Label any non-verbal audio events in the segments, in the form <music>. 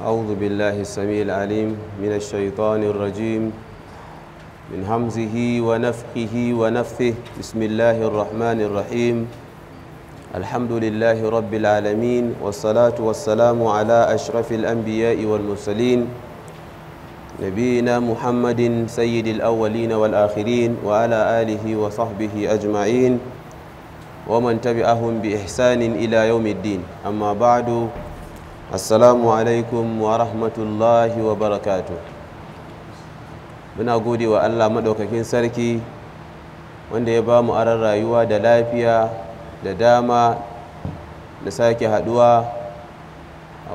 أعوذ بالله السميع العليم من الشيطان الرجيم من همزه ونفخه ونفثه بسم الله الرحمن الرحيم الحمد لله رب العالمين والصلاة والسلام على أشرف الأنبياء والمرسلين نبينا محمد سيد الأولين والآخرين وعلى آله وصحبه أجمعين ومن تبعهم بإحسان إلى يوم الدين أما بعد assalamu alaikum wa rahmatullahi wa barakatu muna gode wa allah maɗaukakin sarki wanda ya ba mu aran rayuwa da lafiya da dama da sake haɗuwa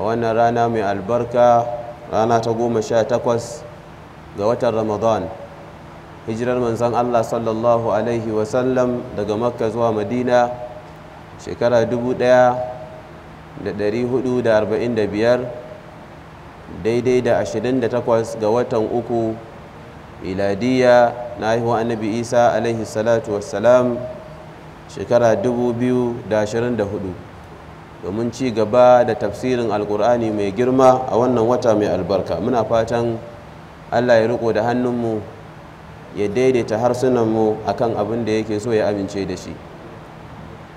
a wannan rana mai albarka rana ta goma sha takwas ga watan ramadan hijirar manzon Allah sallallahu Alaihi wasallam daga makka zuwa madina shekara dubu ɗaya da daidai da 28 ga watan uku iladiya na haihuwa annabi isa alaihi salatu wassalam shekara 2024 domin ci gaba da tafsirin alkur'ani mai girma a wannan wata mai albarka muna fatan allah ya riko da hannunmu ya daidaita harsunanmu akan abin da yake so ya amince da shi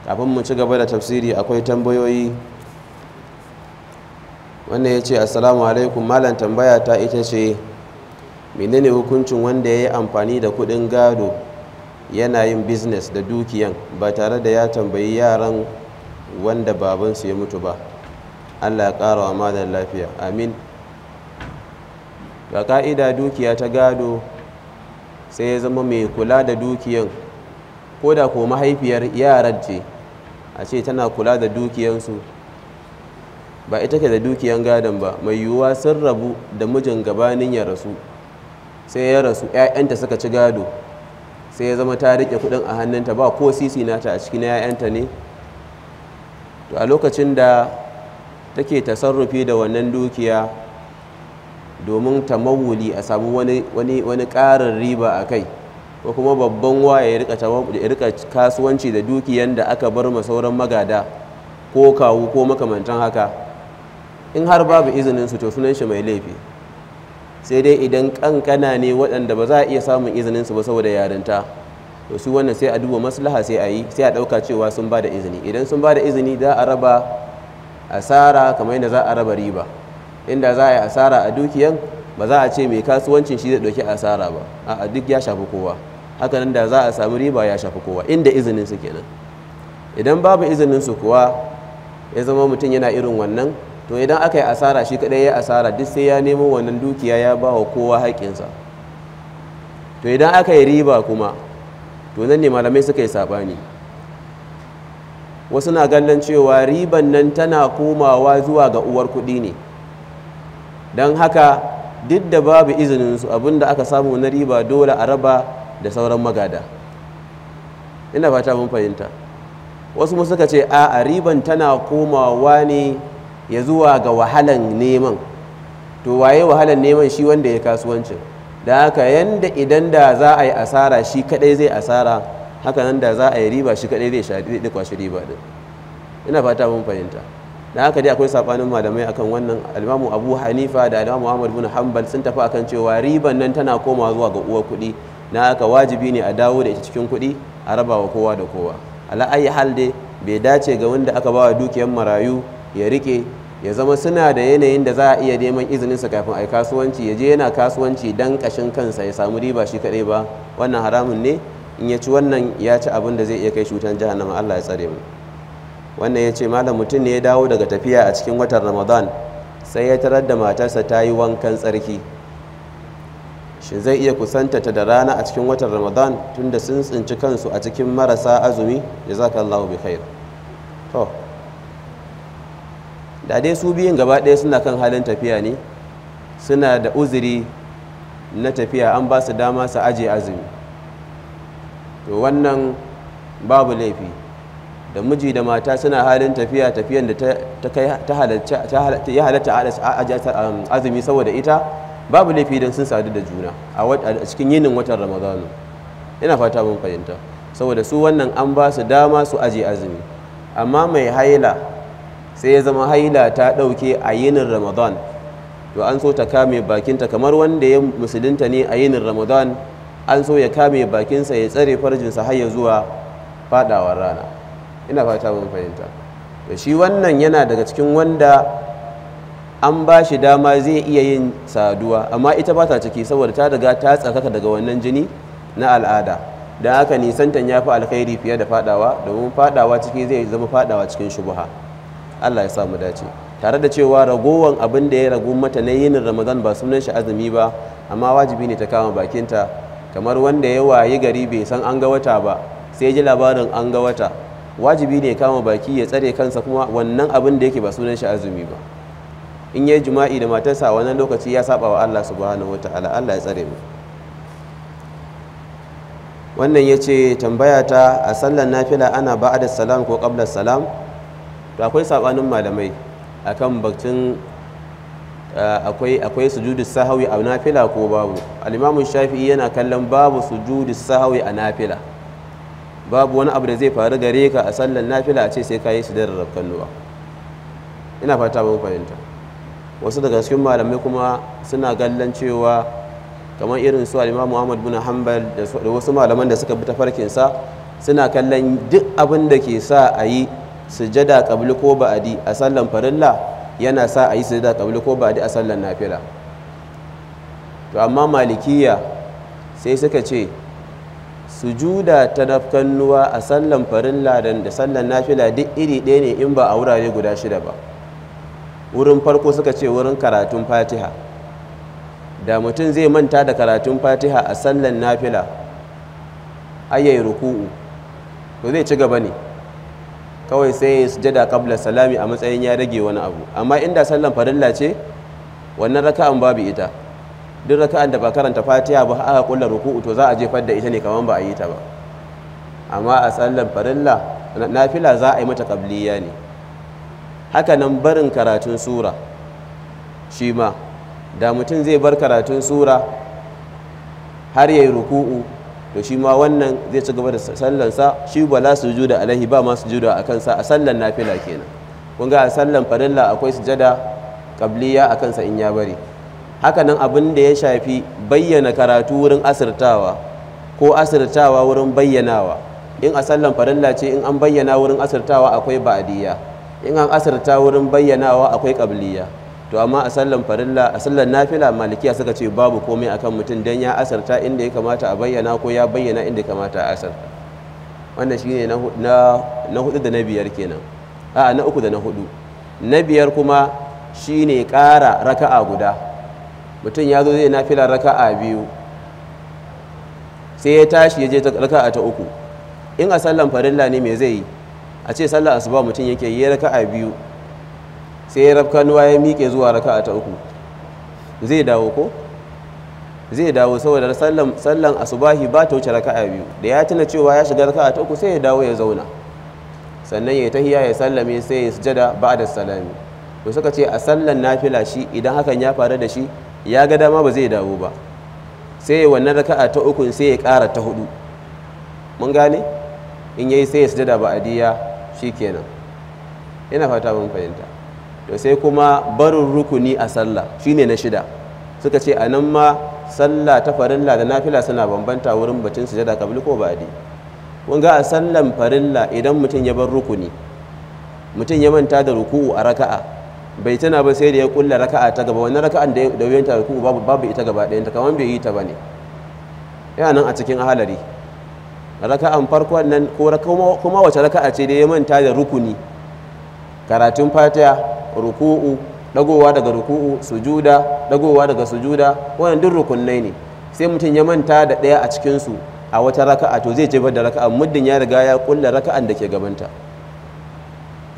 kafin mu ci gaba da tafsiri akwai tambayoyi wannan ya ce assalamu alaikum malam tambaya ta ita ce menene hukuncin wanda ya yi amfani da kudin gado yana yin business da dukiyan ba tare da ya tambayi yaran wanda babansu ya mutu ba allah ya kara wa malam lafiya amin ga ka'ida dukiya ta gado sai ya zama mai kula da dukiyan ko da ko mahaifiyar yaran ce a ce tana kula da dukiyansu ba ita ke da dukiyan gadon ba mai yiwuwa sun rabu da mijin gabanin ya rasu sai ya rasu 'ya'yanta suka ci gado sai ya zama ta rike kudin a hannunta ba ko sisi nata a cikin 'ya'yanta ne to a lokacin da take tasarrufi da wannan dukiya domin ta mawuli a samu wani ƙarin riba a kai ko kuma babban waye ya rika kasuwanci da dukiyan da aka bar ma sauran magada ko kawu ko makamantan haka in har babu izinin su to sunan shi mai laifi sai dai idan kankana ne waɗanda ba za a iya samun izinin su ba saboda yarinta to su wannan sai a duba maslaha sai a yi sai a ɗauka cewa sun ba da izini idan sun ba da izini za a raba asara kamar yadda za a raba riba inda za a yi asara a dukiyan ba za a ce mai kasuwancin shi zai ɗauki asara ba a duk ya shafi kowa hakanan da za a samu riba ya shafi kowa inda izinin su kenan idan babu izinin su kuwa ya zama mutum yana irin wannan to idan aka yi asara shi kadai ya asara duk sai ya nemo wannan dukiya ya ba wa kowa haƙƙinsa to idan aka yi riba kuma to nan ne malamai suka yi saɓani wasu na ganin cewa riban nan tana komawa zuwa ga uwar kuɗi ne don haka duk da babu izinin su abin da aka samu na riba dole a raba da sauran magada ina fata mun fahimta wasu mu suka ce a riban tana komawa ne ya zuwa ga wahalan neman to waye wahalan neman shi wanda ya kasuwancin da haka yanda idan da za a yi asara shi kadai zai asara haka nan da za a yi riba shi kadai zai kwashi riba din ina fata mun fahimta da haka dai akwai saɓanin malamai akan wannan alimamu abu hanifa da alimamu ahmad bin hanbal sun tafi akan cewa riban nan tana koma zuwa ga uwar kuɗi na haka wajibi ne a dawo da ita cikin kuɗi a raba wa kowa da kowa ala ayi hal dai bai dace ga wanda aka bawa dukiyar marayu ya rike ya zama suna da yanayin da za a iya neman izininsa kafin a yi kasuwanci ya je yana kasuwanci dan kashin kansa ya samu riba shi kaɗai ba wannan haramun ne in ya ci wannan ya ci abin da zai iya kai cutan jahannama Allah ya tsare mu wannan ya ce malam mutum ne ya dawo daga tafiya a cikin watan ramadan sai ya tarar da matarsa ta yi wankan tsarki shi zai iya kusanta ta da rana a cikin watan ramadan tunda sun tsinci kansu a cikin marasa azumi jazakallahu bi khair to da dai su biyun gaba ɗaya suna kan halin tafiya ne suna da uzuri na tafiya an ba su dama su aje azumi to wannan babu laifi da miji da mata suna halin tafiya tafiyan da ta ya halatta um, azumi saboda ita babu laifi don sun sadu da juna a cikin yinin watan ramadanu ina fata mun fahimta saboda su wannan an ba su dama su aje azumi amma mai haila sai ya zama haila ta ɗauke a yinin ramadan to an so ta kame bakinta kamar wanda ya musulunta ne a yinin ramadan an so ya kame bakinsa ya tsare farjinsa har ya zuwa fadawar rana ina fata mun fahimta to shi wannan yana daga cikin wanda an ba shi dama zai iya yin saduwa amma ita ba ta ciki saboda ta daga ta tsakaka daga wannan jini na al'ada don haka nisantan ya fi alkhairi fiye da fadawa domin fadawa ciki zai zama fadawa cikin shubuha Allah ya samu dace tare da cewa ragowan abin da ya ragu mata na yin ramadan ba sunan shi azumi ba amma wajibi ne ta kama bakinta kamar wanda ya wayi gari bai san an ga wata ba sai ji labarin an ga wata wajibi ne kama baki ya tsare kansa kuma wannan abin da yake ba sunan shi azumi ba in yayi jima'i da matarsa a wannan lokaci ya saba wa Allah subhanahu wataala Allah ya tsare mu wannan yace tambaya ta a sallar nafila ana ba'da salam ko qabla salam to akwai sabanin malamai akan bakcin eh, akwai akwai sujudu sahawi a nafila ko babu al-imamu shafi'i yana kallon babu sujudu sahawi a nafila babu wani abu da zai faru gare ka a sallan nafila a ce sai ka yi su da nuwa ina fata mun fahimta wasu daga cikin malamai kuma suna gallan cewa kamar irin su al-imamu muhammad bin hanbal da wasu malaman da suka bi ta farkinsa suna kallon duk abin da ke sa a yi sujada qabli ko ba'adi a sallan farilla yana sa a yi sujada qabli ko ba'adi a sallan nafila to amma malikiya sai suka ce sujuda ta nafkannuwa a sallan farilla da sallan nafila duk iri ɗaya ne in ba a wurare guda shida ba wurin farko suka ce wurin karatun fatiha da mutum zai manta da karatun fatiha a sallan nafila ayayi ruku'u to zai ci gaba ne kawai sai ya sujada kabla salami a matsayin ya rage wani abu amma inda sallan farilla ce wannan raka'an babu ita duk raka'an da ba karanta fatiha ba aka kulla ruku'u to za a jefar da ita ne kamar ba a yi ta ba amma a sallan farilla nafila za a yi mata kabliya ne haka nan barin karatun sura shi ma da mutum zai bar karatun sura har yayi ruku'u to shi ma wannan zai ci gaba da sallansa shi ba la sujuda alaihi ba ma sujuda a kansa a sallan nafila kenan kun ga a sallan farilla akwai sujada qabliya a kansa in ya bari haka nan abin da ya shafi bayyana karatu wurin asirtawa ko asirtawa wurin bayyanawa in a sallan farilla ce in an bayyana wurin asirtawa akwai ba'diya in an asirta wurin bayyanawa akwai qabliya to amma a sallan farilla a sallan nafila malikiya suka ce babu komai akan mutum dan ya asarta inda ya kamata a bayyana ko ya bayyana inda ya kamata a asarta wannan shine na na hudu da na biyar kenan a na uku da na hudu na biyar kuma shine ƙara raka'a guda mutum ya zo zai nafila raka'a biyu sai ya tashi ya je raka'a ta uku in a sallan farilla ne me zai yi a ce sallar asuba mutum yake yi raka'a biyu sai ya rafkanuwa ya miƙe zuwa raka ta uku zai dawo ko zai dawo saboda sallan sallan asubahi ba ta wuce raka'a biyu da ya tuna cewa ya shiga raka ta uku sai ya dawo ya zauna sannan ya tahiya ya sallame sai ya sujada ba da salami to suka ce a sallan nafila shi idan hakan ya faru da shi ya ga dama ba zai dawo ba sai wannan raka'a ta uku sai ya kara ta hudu mun gane in yayi sai ya sujada ba adiya shikenan ina fata mun fahimta to sai kuma barin rukuni a sallah shine na shida suka ce a nan ma sallah ta farilla da nafila suna bambanta wurin batun sujada kabli ko ba'di kun ga a sallan farilla idan mutum ya bar rukuni mutum ya manta da ruku'u a raka'a bai tana ba sai da ya kulla raka'a ta gaba wannan raka'an da da yanta ruku'u babu babu ita gaba ɗayan ta kaman bai yi ta bane yana nan a cikin ahalari raka'an farko nan ko kuma wace raka'a ce da ya manta da rukuni karatun fatiha ruku'u dagowa daga ruku'u sujuda dagowa daga sujuda wannan duk rukunnai ne sai mutum ya manta da ɗaya a cikin su a wata raka'a to zai jefar da raka'a muddin ya riga ya kulla raka'an da ke gabanta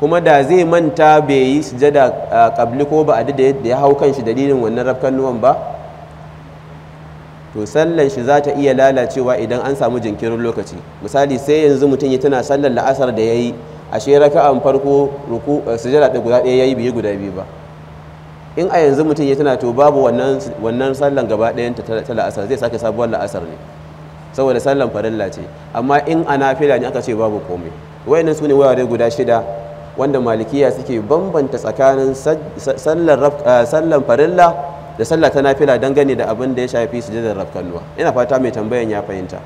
kuma da zai manta bai yi sujada kabli ko ba da ya hau kan shi dalilin wannan rafkan nuwan ba to sallan shi za ta iya lalacewa idan an samu jinkirin lokaci misali sai yanzu mutum ya tana sallar la'asar da ya yi ashe raka'an farko ruku eh, sujada da guda ɗaya yayi biyu guda biyu ba in a yanzu mutum ya tana to babu wannan wannan sallan gaba ɗayan ta la'asar zai sake sabuwar la'asar ne saboda sallan farilla ce amma in a nafila ne aka ce babu komai wayannan su ne wurare guda shida wanda malikiya suke bambanta tsakanin eh, sallan farilla da sallah ta nafila dangane da abin da ya shafi sujadar rafkanuwa ina fata mai tambayan ya fahimta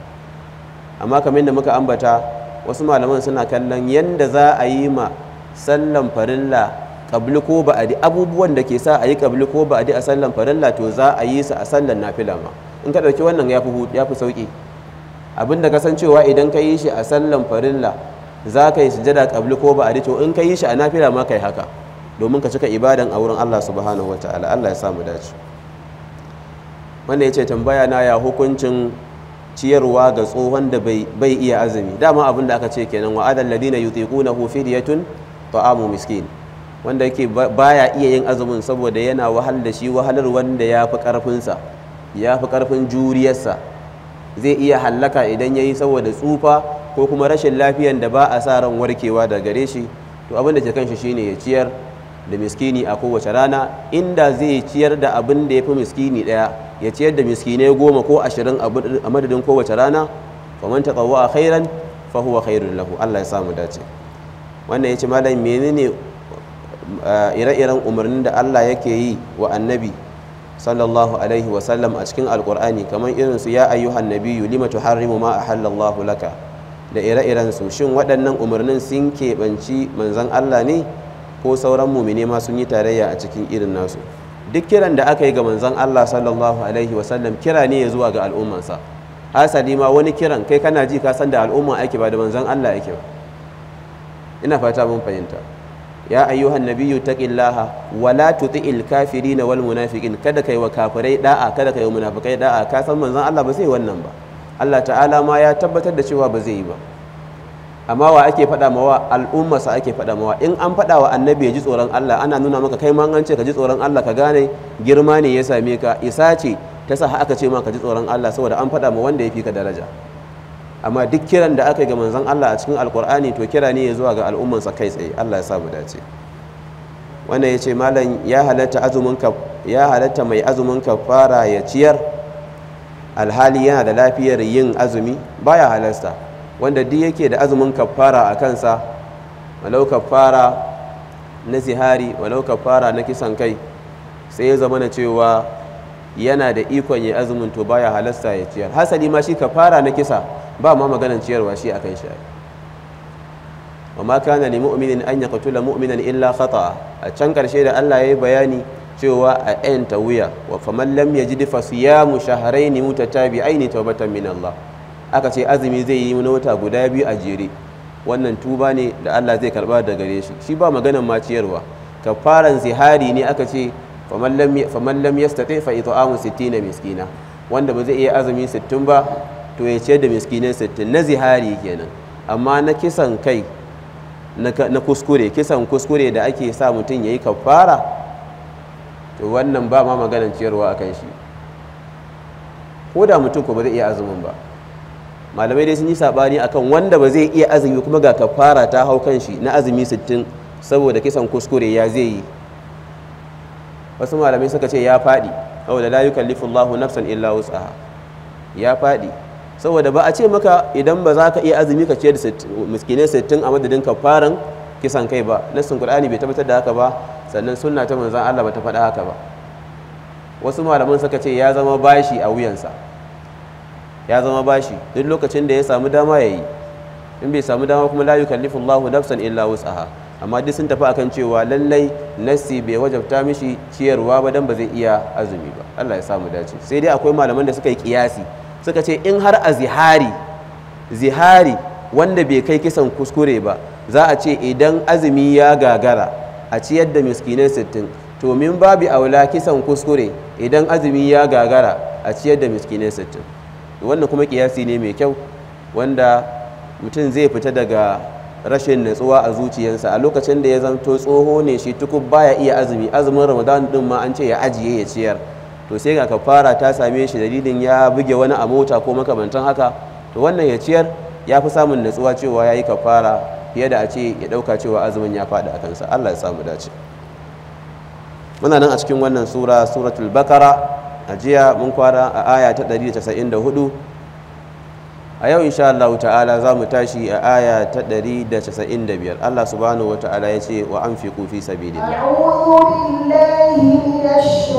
amma kamar da muka ambata wasu malaman suna kallon yadda za a yi ma sallan farilla kabli ko ba'adi abubuwan da ke sa a yi kabli ko ba'adi a sallan farilla to za a yi su a sallan nafila ma in ka ɗauki wannan ya fi sauƙi abin da cewa idan ka yi shi a sallan farilla za ka yi sujada kabli ko ba'adi to in ka yi shi a nafila ma ka yi haka domin ka cika ibadan a wurin Allah subhanahu wa ta'ala Allah ya samu dace wanda ya ce tambaya na ya hukuncin ciyarwa ga tsohon da bai iya azumi dama abin da aka ce kenan wa adal ladina yutiqunahu fidyatun ta'amu miskin wanda yake baya iya yin azumin saboda yana wahal da shi wahalar wanda ya fi karfinsa ya fi karfin juriyarsa zai iya hallaka idan ya yi saboda tsufa ko kuma rashin lafiyan da ba a sa ran warkewa da gare shi to abin da ke kanshi shine ya ciyar da miskini a kowace rana inda zai ciyar da abin da ya fi miskini ɗaya ya ciyar da miskinai goma ko ashirin a madadin kowace rana faman ta tsawo a khairan fahuwa khairun lahu Allah ya samu dace wannan ya ce malam menene ire-iren umarnin da Allah yake yi wa annabi sallallahu alaihi wa sallam a cikin alkur'ani kamar irin su ya ayyuhan nabiyyu lima tuharrimu ma ahallallahu laka da ire-iren su shin waɗannan umarnin sun keɓanci manzon Allah ne ko sauran mumine ma sun yi tarayya a cikin irin nasu duk kiran da aka yi ga manzon Allah sallallahu alaihi wa sallam kira ne ya zuwa ga al'ummansa hasali ma wani kiran kai kana ji ka san da al'umma ake ba da manzon Allah yake ba ina fata mun fahimta ya ayyuhan nabiyyu taqillaha wa la tuti'il kafirina wal munafiqin kada kai wa kafirai da'a kada kai wa munafiqai da'a ka san manzon Allah ba zai wannan ba Allah ta'ala ma ya tabbatar da cewa ba zai yi ba amma wa ake faɗa mawa al'umma sa ake faɗa mawa in an faɗa wa annabi ya ji tsoron Allah ana nuna maka kai ma an ce ka ji tsoron Allah ka gane girma ne ya same ka isa ce ta sa aka ce ma ka ji tsoron Allah saboda an faɗa ma wanda ya fi ka daraja amma duk kiran da aka yi ga manzon Allah a cikin alkur'ani to kira ne ya zuwa ga al'ummansa kai tsaye Allah ya sa mu dace wannan ya ce malam ya halatta azumin ya halatta mai azumin ka fara ya ciyar alhali yana da lafiyar yin azumi baya halasta wanda duk yake da azumin kafara a kansa walau kafara na zihari walau kafara na kisan kai sai ya zama na cewa yana da ikon ya azumin to baya halasta ya ciyar hasali ma shi kafara na kisa ba ma maganan ciyarwa shi akan shi wa ma kana li mu'minin an yaqtula mu'minan illa khata'a a can karshe da Allah yayi bayani cewa a yan tawiya wa faman lam yajid fa siyamu shahrayn mutatabi'ain tawbatan min Allah aka ce azumi zai yi na wata guda biyu a jere wannan tuba ne da Allah zai karba da gare shi shi ba maganan maciyarwa ciyarwa kafaran zihari ne aka ce faman lam yastati fa it'amu 60 miskina wanda ba zai iya azumi 60 ba to ya ciyar da miskinan 60 na zihari kenan amma na kisan kai na kuskure kisan kuskure da ake sa mutum yayi kafara to wannan ba ma maganan ciyarwa akan shi ko da mutum ko ba zai iya azumin ba malamai dai sun yi sabani akan wanda ba zai iya azumi kuma ga kafara ta hau kan shi na azumi 60 saboda kisan kuskure ya zai yi wasu malamai suka ce ya faɗi saboda la yukallifu Allahu nafsan illa wus'aha ya faɗi saboda ba a ce maka idan ba za ka iya azumi ka ce da miskine 60 a madadin kafaran kisan kai ba nassin Qur'ani bai tabbatar da haka ba sannan sunna ta manzon Allah ba ta faɗa haka ba wasu malaman suka ce ya zama bashi a wuyansa ya zama bashi duk lokacin da ya samu dama ya yi in bai samu dama kuma layu kallifin lahu nafsan illa wus'aha amma duk sun tafi akan cewa lallai nasi bai wajabta mishi ciyarwa ba dan ba zai iya azumi ba Allah ya samu dace sai dai akwai malaman da suka yi kiyasi suka ce in har a zihari zihari wanda bai kai kisan kuskure ba za a ce idan azumi ya gagara a ciyar da miskinai sittin to min babi aula kisan kuskure idan azumi ya gagara a ciyar da miskinai sittin wannan kuma kiyasi ne mai kyau wanda mutum zai fita daga rashin natsuwa a zuciyarsa a lokacin da ya zanto tsoho ne shi tukub baya iya azumi azumin ramadan din ma an ce ya ajiye ya ciyar to sai ga kafara ta same shi dalilin ya buge wani a mota ko makamantan haka to wannan ya ciyar ya fi samun natsuwa cewa ya yi ka fara fiye da a ce ya ɗauka cewa azumin ya faɗi a kansa allah ya samu dace muna nan a cikin wannan sura suratul bakara a jiya mun kwara a aya ta 194 a yau insha Allah ta'ala za mu tashi a aya ta 195 Allah subhanahu wata'ala ya ce wa hmm. an fi kufi sabi da minash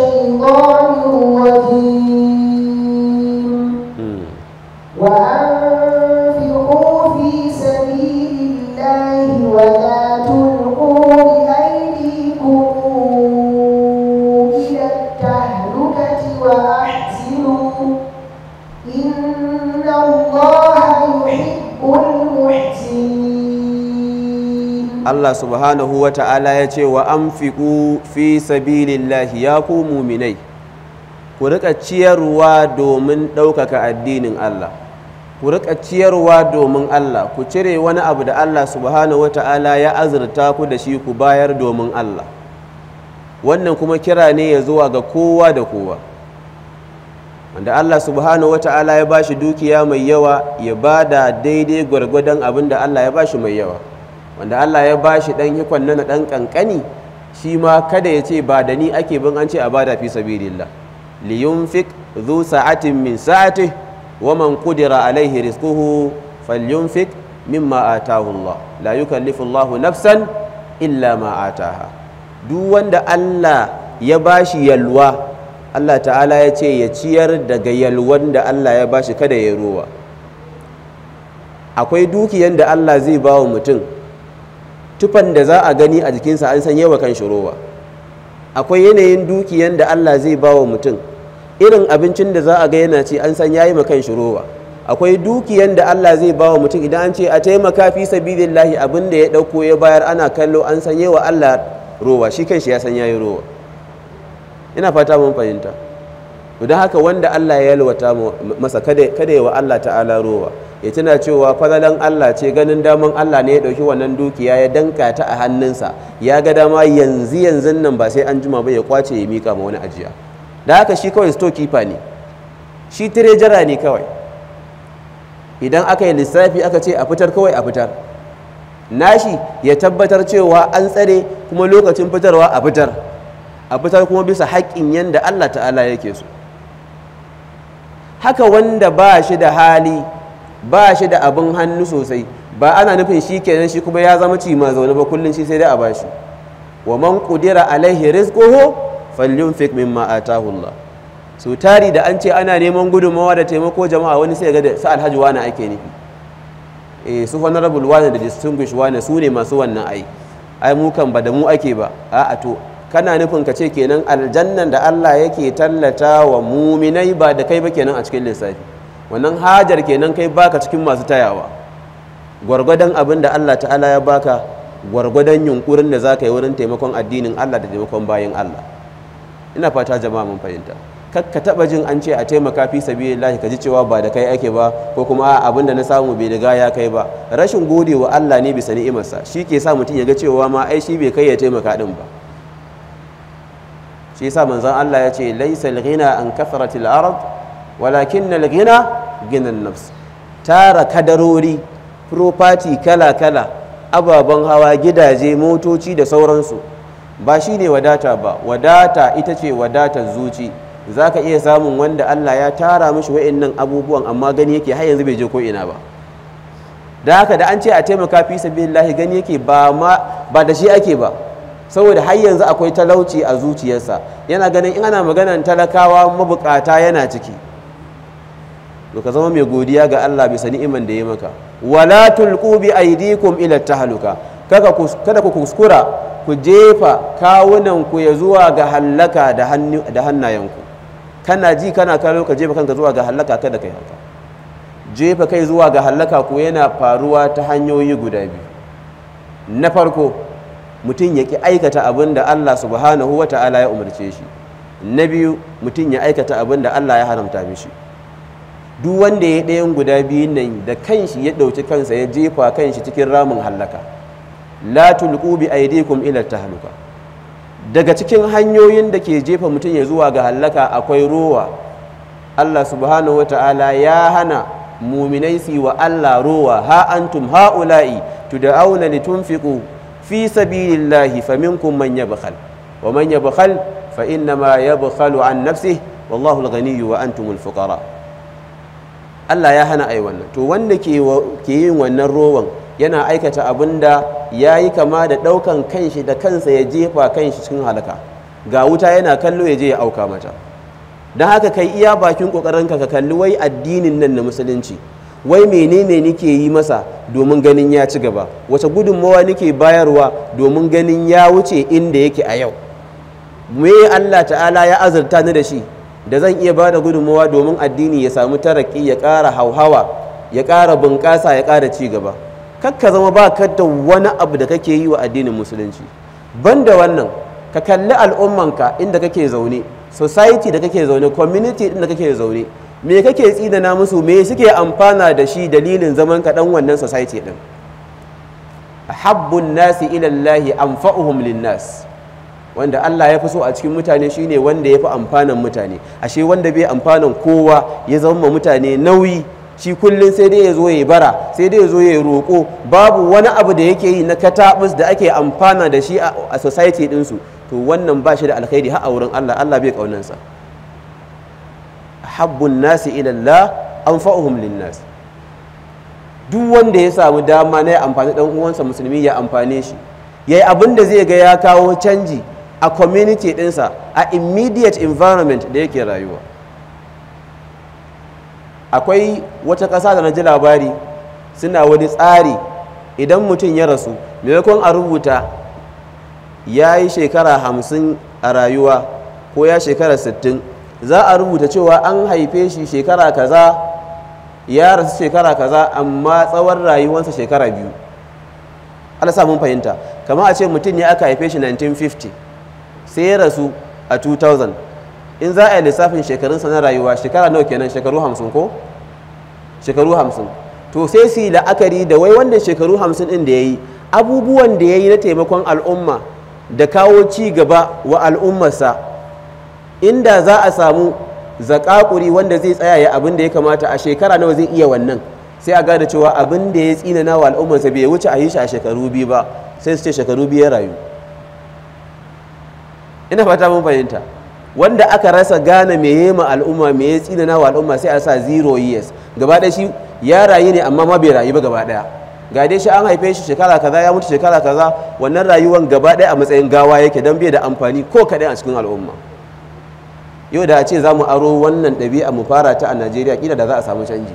Allah subhanahu wa ta'ala ya ce wa amfiku fi sabilillahi ya ku muminai ku rika ciyarwa domin ɗaukaka addinin Allah ku rika ciyarwa domin Allah ku cire wani abu da Allah subhanahu wa ta'ala ya azurta ku da shi ku bayar domin Allah wannan kuma kira ne ya zuwa ga kowa da kowa wanda Allah subhanahu wa ta'ala ya bashi dukiya mai yawa ya ba da daidai gwargwadon abin da Allah ya ba shi mai yawa wanda Allah ya ba shi ɗan hikon nan ɗan ƙanƙani shi ma kada ya ce ba da ni ake bin an ce a bada fi sabilillah liyun yunfiq zu sa'atin min sa'ati wa man qudira alaihi rizquhu falyunfiq mimma atahu Allah la yukallifu Allahu nafsan illa ma ataha duk wanda Allah ya bashi yalwa Allah ta'ala ya ce ya ciyar daga yalwan da Allah ya bashi kada ya ruwa akwai dukiyan da Allah zai ba wa mutum tufan da za a gani a jikinsa an sanye wa kan shirowa akwai yanayin dukiyan da Allah zai ba wa mutum irin abincin da za a ga yana ce an san yayi makan shirowa akwai dukiyan da Allah zai ba wa mutum idan an ce a taimaka fi sabilillahi abin da ya dauko ya bayar ana kallo an sanye wa Allah rowa shi kanshi ya san yayi rowa ina fata mun fahimta don haka wanda Allah ya yalwata masa kada ya wa Allah ta'ala rowa ya tuna cewa fadalan Allah ce ganin daman Allah ne ya ɗauki wannan dukiya ya danka ta a hannunsa ya ga dama yanzu yanzu nan ba sai an jima ba ya kwace ya mika ma wani ajiya da haka shi kawai storekeeper ne shi tirejara ne kawai idan aka yi lissafi aka ce a fitar kawai a fitar nashi ya tabbatar cewa an tsare kuma lokacin fitarwa a fitar a fitar kuma bisa haƙƙin yanda Allah ta'ala yake so haka wanda ba shi da hali ba shi da abin hannu sosai ba ana nufin shi kenan shi kuma ya zama ci ma zaune ba kullum shi sai dai a bashi wa man qudira alaihi rizquhu falyunfiq mimma atahu Allah so tari da an ce ana neman gudunmawa da taimako jama'a wani sai ga da sa alhaji wani ake nufi eh su honorable wani da distinguish wani su ne masu wannan ai ai mu kan ba da mu ake ba a'a to kana nufin ka ce kenan aljannan da Allah yake tallata wa muminai ba da kai ba kenan a cikin lissafi wannan hajar kenan kai baka cikin masu tayawa gwargwadon abin da Allah ta'ala ya baka gwargwadon yunkurin da za ka yi wurin taimakon addinin Allah da taimakon bayan Allah ina fata jama'a mun fahimta ka taba jin an ce a taimaka fi sabilillahi ka ji cewa ba da kai ake ba ko kuma abin da na samu bai riga ya kai ba rashin gode wa Allah ne bisa ni'imarsa shi ke sa mutum ya ga cewa ma ai shi bai kai ya taimaka din ba shi yasa manzon Allah ya ce laisal ghina an kafaratil ard walakin na gina ginin nafs tara kadarori furofati kala-kala ababen hawa gidaje motoci da sauransu ba shi ne wadata ba wadata ita ce wadatar zuci za ka iya samun wanda allah ya tara mishi wa'annan abubuwan amma gani yake har yanzu bai je ko ina ba da haka da an ce a taimaka fi lahi gani yake ba da shi ake ba saboda har yanzu akwai talauci a zuciyarsa yana ganin in ana maganan talakawa mabukata yana ciki to ka zama mai godiya ga Allah bisa ni'iman da ya maka wala tulqu bi aydikum ila tahluka kada ku kuskura ku jefa kawunan ku ya zuwa ga halaka da da hannayenku kana ji kana kallo ka jefa kanka zuwa ga halaka kada kai haka jefa kai zuwa ga halaka ko yana faruwa ta hanyoyi guda biyu na farko mutum ya aikata abin da Allah subhanahu wa ta'ala ya umarce shi na biyu mutum ya aikata abin da Allah ya haramta mishi duk wanda ya ɗayan guda biyu nan da kanshi ya ɗauki kansa ya jefa kanshi cikin ramin hallaka la tulqu bi aydikum ila tahluka daga cikin hanyoyin da ke jefa mutum ya zuwa ga hallaka akwai rowa Allah subhanahu wata'ala ya hana muminai su wa Allah rowa ha antum haula'i tud'auna litunfiqu fi sabilillahi faminkum man yabkhal wa man yabkhal fa innama yabkhalu an nafsihi wallahu al-ghaniyyu wa antumul fuqara' Allah ya hana ai wannan to wanda ke yin wannan rowan yana aikata abin da ya yi kama da ɗaukan kanshi da kansa ya jefa kanshi cikin halaka ga wuta yana kallo ya je ya auka mata don haka kai iya bakin ƙoƙarinka ka ka kalli wai addinin nan na musulunci wai menene nake yi masa domin ganin ya ci gaba wace gudunmawa nake bayarwa domin ganin ya wuce inda yake a yau me Allah ta'ala ya azurta ni da shi da zan iya ba da gudunmawa domin addini ya samu taraki ya kara hauhawa ya kara bunƙasa ya kara ci gaba ka zama ba ka da wani abu da kake yi wa addinin musulunci banda wannan ka kalli al'ummanka inda kake zaune society da kake zaune community inda da kake zaune me kake tsidana musu me suke amfana da shi dalilin zaman ka dan wannan society din habbun nasi ila anfa'uhum lin nas wanda Allah ya fi so a cikin mutane shine wanda ya fi amfanan mutane ashe wanda bai amfanan kowa ya zama mutane nauyi shi kullum sai dai ya zo ya bara sai dai ya zo ya roƙo babu wani abu da yake yi na katabus da ake amfana da shi a society ɗinsu to wannan ba shi da alkhairi har a wurin Allah Allah bai ƙaunansa habbun nasi ilallah anfa'uhum linnas duk wanda ya samu dama na ya amfani dan uwansa musulmi ya amfane shi yayi abin da zai ga ya kawo canji a community ɗinsa a immediate environment da yake rayuwa akwai wata ƙasa da na ji labari suna wani tsari idan mutum ya rasu maimakon a rubuta ya yi shekara hamsin a rayuwa ko ya shekara sittin za a rubuta cewa an haife shi shekara kaza ya rasu shekara kaza amma tsawon rayuwansa shekara biyu ala mun fahimta kama a ce mutum ya aka haife shi 1950 sai ya rasu a 2000 in za a yi lissafin shekarunsa na rayuwa shekara nawa kenan shekaru 50 ko shekaru 50 to sai su yi la'akari da wai wanda shekaru 50 inda da ya yi abubuwan da ya yi na taimakon al'umma da kawo ci gaba wa al'ummarsa inda za a samu zakakuri wanda zai tsaya ya abin da ya kamata a shekara nawa zai iya wannan sai a gada cewa abin da ya tsina wa al'ummarsa bai wuce a yi shi a shekaru biyu ba sai su ce shekaru biyu ya rayu ina fata mun fahimta wanda aka rasa gane me ya ma al'umma me ya tsinana wa al'umma sai a sa zero years gaba ɗaya shi ya rayu ne amma ma bai rayu ba gaba ɗaya ga dai shi an haife shi shekara kaza ya mutu shekara kaza wannan rayuwar gaba ɗaya a matsayin gawa yake don bai da amfani ko kaɗai a cikin al'umma yau da a ce za mu aro wannan ɗabi'a mu fara ta a najeriya kila da za a samu canji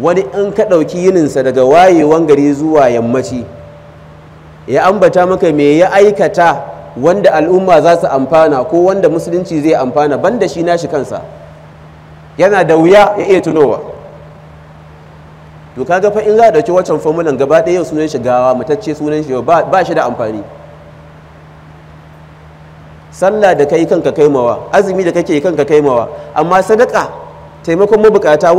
wani in ka ɗauki yininsa daga wayewan gari zuwa yammaci ya ambata maka me ya aikata wanda al'umma za su amfana ko wanda musulunci zai amfana banda shi nashi kansa yana da wuya ya iya tunowa to kaga fa in za a dauki wancan formulan gaba ɗaya yau sunan shi gawa mutacce sunan shi ba shi da amfani sallah da kai kanka kaimawa azumi da kake kanka kaimawa amma sadaka taimakon mabukata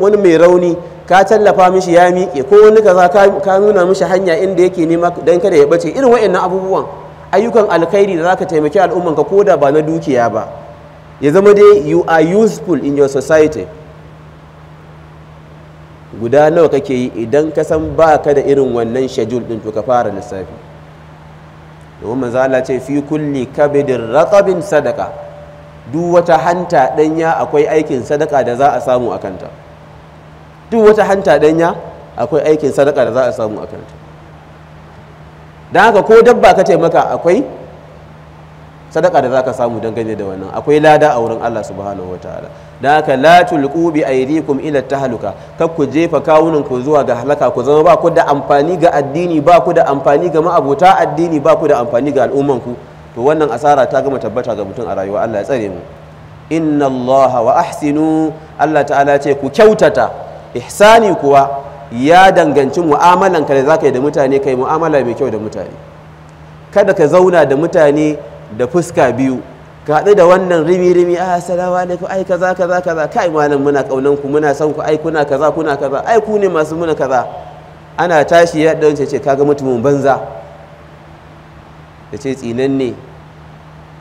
wani mai rauni ka tallafa mishi ya miƙe ko wani kaza ka nuna mishi hanya inda yake nema dan kada ya bace irin waɗannan abubuwan ayyukan alkhairi da za ka taimaki al'ummanka ko da ba na dukiya ba ya zama dai you are useful in your society guda nawa kake yi idan ka san ba ka da irin wannan shajul din to ka fara lissafi domin manzo Allah ce fi kulli kabidin ratabin sadaka duk wata hanta ɗanya akwai aikin sadaka da za a samu a kanta duk wata hanta ɗanya akwai aikin sadaka da za a samu a kanta don haka ko dabba ka ce maka akwai sadaka da za ka samu dangane da wannan akwai lada a wurin Allah subhanahu wa ta'ala don haka la tulqu bi aydikum ila tahluka kar ku jefa kawunan ku zuwa ga halaka ku zama ba ku da amfani ga addini ba ku da amfani ga ma'abuta addini ba ku da amfani ga al'umman ku to wannan asara ta gama tabbata ga mutum a rayuwa Allah ya tsare mu inna allaha wa ahsinu Allah ta'ala ce ku kyautata ihsani kuwa ya danganci mu'amalan da zaka yi da mutane kai mu'amala mai kyau da mutane kada ka zauna da mutane da fuska biyu ka haɗu da wannan rimi rimi a ah, salawa ku ai kaza kaza kaza kai malam muna kaunan ku muna son ku ai kuna kaza kuna kaza ai ku ne masu muna kaza ana tashi ya dace ce kaga mutumin banza da ce tsinan ne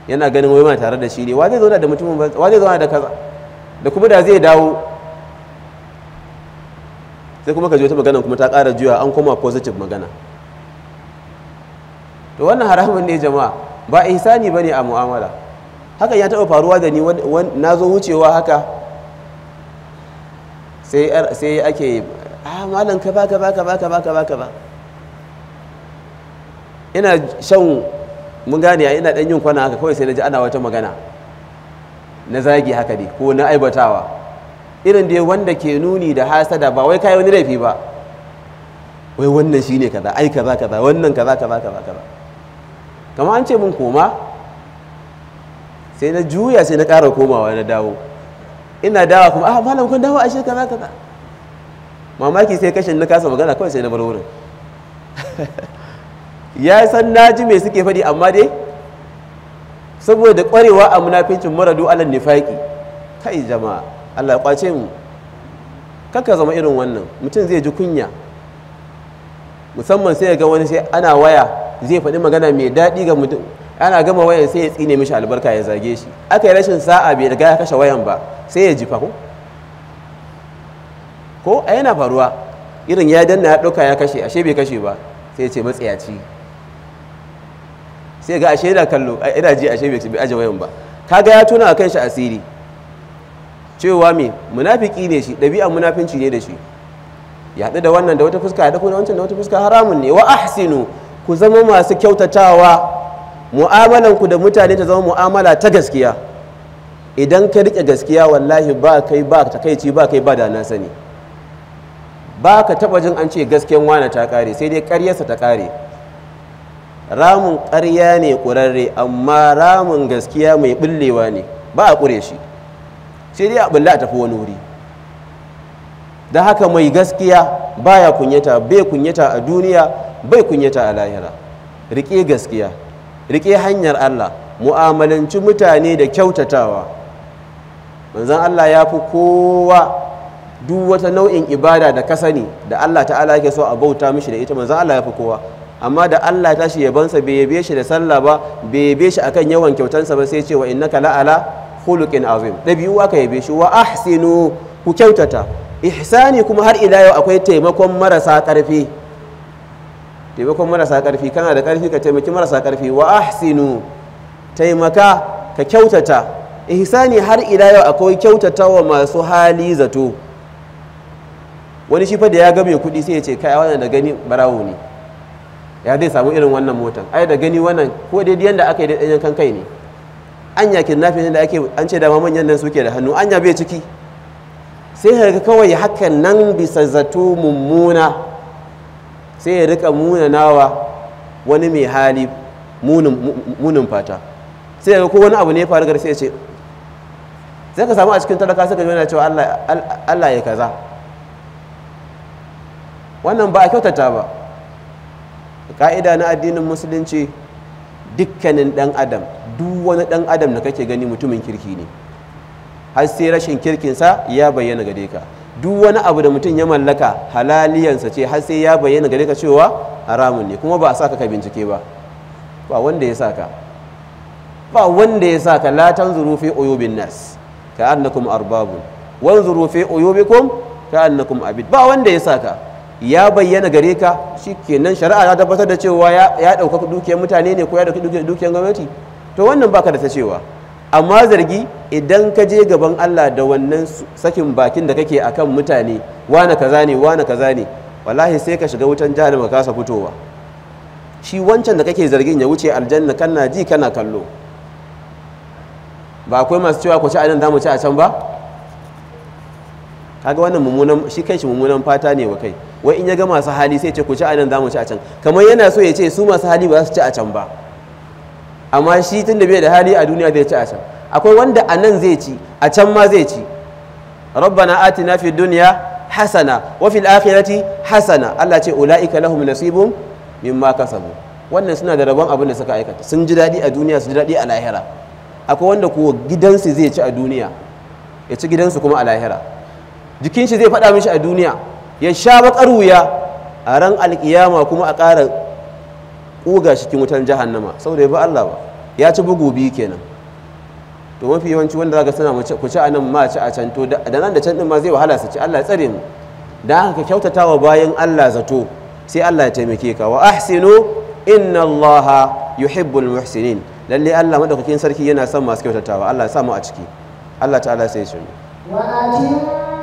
yana ganin wai ma tare da shi ne wa zai zauna da mutumin wa zai zauna da kaza da kuma da zai dawo sai kuma ka ji wata magana kuma ta ƙara juya an koma positive magana to wannan haramun ne jama'a ba ihsani bane a mu'amala hakan ya taɓa faruwa da ni na zo wucewa haka sai ake a ah, malam ka ba ka ba ka ba ka ba ka ba ka ba ina shan mun gane ina dan yin kwana haka kawai sai na ji ana wata magana na zagi haka ne ko na aibatawa irin dai wanda ke nuni da hasada ba wai kai wani laifi ba wai wannan shine kaza ai kaza kaza wannan kaza kaza kaza kaza kamar an ce mun koma sai na juya sai na ƙara komawa na dawo ina dawa kuma ah malam kun dawo ashe kaza kaza mamaki sai kashin na kasa magana kawai sai na bar wurin <laughs> ya san naji me suke faɗi amma dai saboda ƙwarewa a munafincin maradu alal nifaƙi kai jama'a Allah kwace mu kaka zama irin wannan mutum zai ji kunya musamman sai ga wani sai ana waya zai faɗi magana mai daɗi ga mutum ana gama wayan sai ya tsine mishi albarka ya zage shi aka yi rashin sa'a bai riga ya kashe wayan ba sai ya ji fa ko a yana faruwa irin ya danna ya ɗauka ya kashe ashe bai kashe ba sai ya ce matsayaci sai ga ashe yana kallo ina ji ashe bai aje wayan ba kaga ya tuna a kan shi asiri cewa me munafiki ne shi ɗabi'an munafinci ne da shi ya haɗu da wannan da wata fuska ya haɗu da wancan da wata fuska haramun ne wa ahsinu ku zama masu kyautatawa mu'amalan ku da mutane ta zama mu'amala ta gaskiya idan ka rike gaskiya wallahi ba kai ba ta ci ba kai ba da na sani ba ka taɓa jin an ce gaskiyan wane ta kare sai dai karyarsa ta kare. ramin ƙarya ne ƙurarre amma ramin gaskiya mai ɓullewa ne ba a ƙure shi sai dai a ɓulla a tafi wani wuri da haka mai gaskiya baya kunyata bai kunyata a duniya bai kunyata a lahira riƙe gaskiya riƙe hanyar allah mu'amalanci mutane da kyautatawa manzan allah ya fi kowa duk wata nau'in ibada da ka sani da allah ta'ala ke so a bauta mishi da ita manzan allah ya fi kowa amma da Allah tashi yabansa bai yabe shi da sallah ba bai yabe shi akan yawan kyautansa ba sai ce wa innaka la'ala khuluqin azim biyu aka yabe shi wa ahsinu ku kyautata ihsani kuma har ila yau akwai taimakon marasa karfi taimakon marasa karfi kana da karfi ka taimaki marasa karfi wa ahsinu taimaka ka kyautata ihsani har ila yau akwai kyautatawa masu hali zato wani shi fa da ya ga mai kuɗi sai ya ce kai wannan da gani barawo ne ya zai samu irin wannan motan ai da gani wannan ko daidai yanda aka yi da ɗanyen kan kai ne anya kidnapping da ake an ce dama manyan nan suke da hannu anya bai ciki sai ya kawai hakan nan bisa zato mummuna sai ya rika munanawa wani mai hali munin fata sai ya ko wani abu ne ya faru sai ya ce sai ka samu a cikin talaka sai ka yana cewa Allah ya kaza wannan ba a kyautata ba ka'ida na addinin musulunci dukkanin dan adam duk wani dan adam da kake gani mutumin kirki ne har sai rashin kirkinsa ya bayyana gare ka duk wani abu da mutum ya mallaka halaliyansa ce har sai ya bayyana gare ka cewa haramun ne kuma ba a saka ka bincike ba ba wanda ya saka ba wanda ya saka ka latan fi uyubin nas ka annakum arbabun wanzuru zurufi uyubikum ka annakum abid ba wanda ya saka ya bayyana gare ka shikenan shari'a ta tabbatar da cewa ya ɗauka dukiyar mutane ne ko ya ɗauki dukiyar gwamnati to wannan baka da ta cewa amma zargi idan ka je gaban Allah da wannan sakin bakin da kake akan mutane wane kaza ne wane kaza ne wallahi sai ka shiga wutan jahannama kasa fitowa shi wancan da kake zargin ya wuce aljanna kana ji kana kallo ba akwai masu cewa ku ci a nan za mu ci a can ba kaga wannan mummunan shi kai shi mummunan fata ne wa kai wai in ya ga masu hali sai ce ku ci a nan za ci a can kamar yana so ya ce su masu hali ba za su ci a can ba amma shi tun da bai da hali a duniya zai ci a can akwai wanda a nan zai ci a can ma zai ci rabbana atina fid dunya hasana wa fil akhirati hasana Allah ce ulaika lahum nasibum mimma kasabu wannan suna da rabon abin da suka aikata sun ji dadi a duniya su ji dadi a lahira akwai wanda ko gidansu zai ci a duniya ya ci gidansu kuma a lahira jikin shi zai faɗa mishi a duniya ya sha bakar wuya a ran alƙiyama kuma a ƙara ƙuga cikin wutan jahannama saboda ya ba Allah ba ya ci bugu biyu kenan to mafi yawanci wanda zaka sana ku ci nan ma ci a can to da nan da can din ma zai wahala su ci Allah ya tsare mu dan haka kyautata wa bayan Allah zato sai Allah ya taimake ka wa ahsinu inna Allah yuhibbul muhsinin lalle Allah madaukakin sarki yana son masu kyautatawa Allah ya samu a ciki Allah ta'ala sai ya ce wa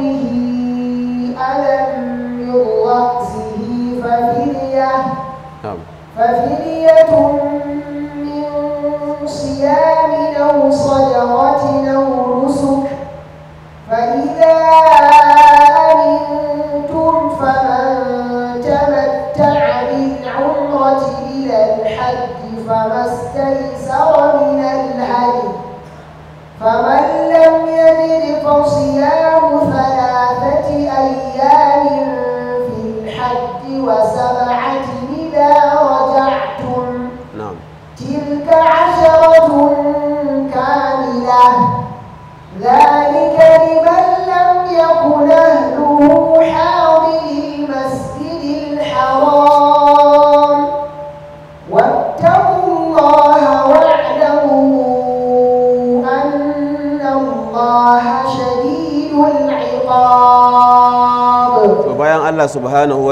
Five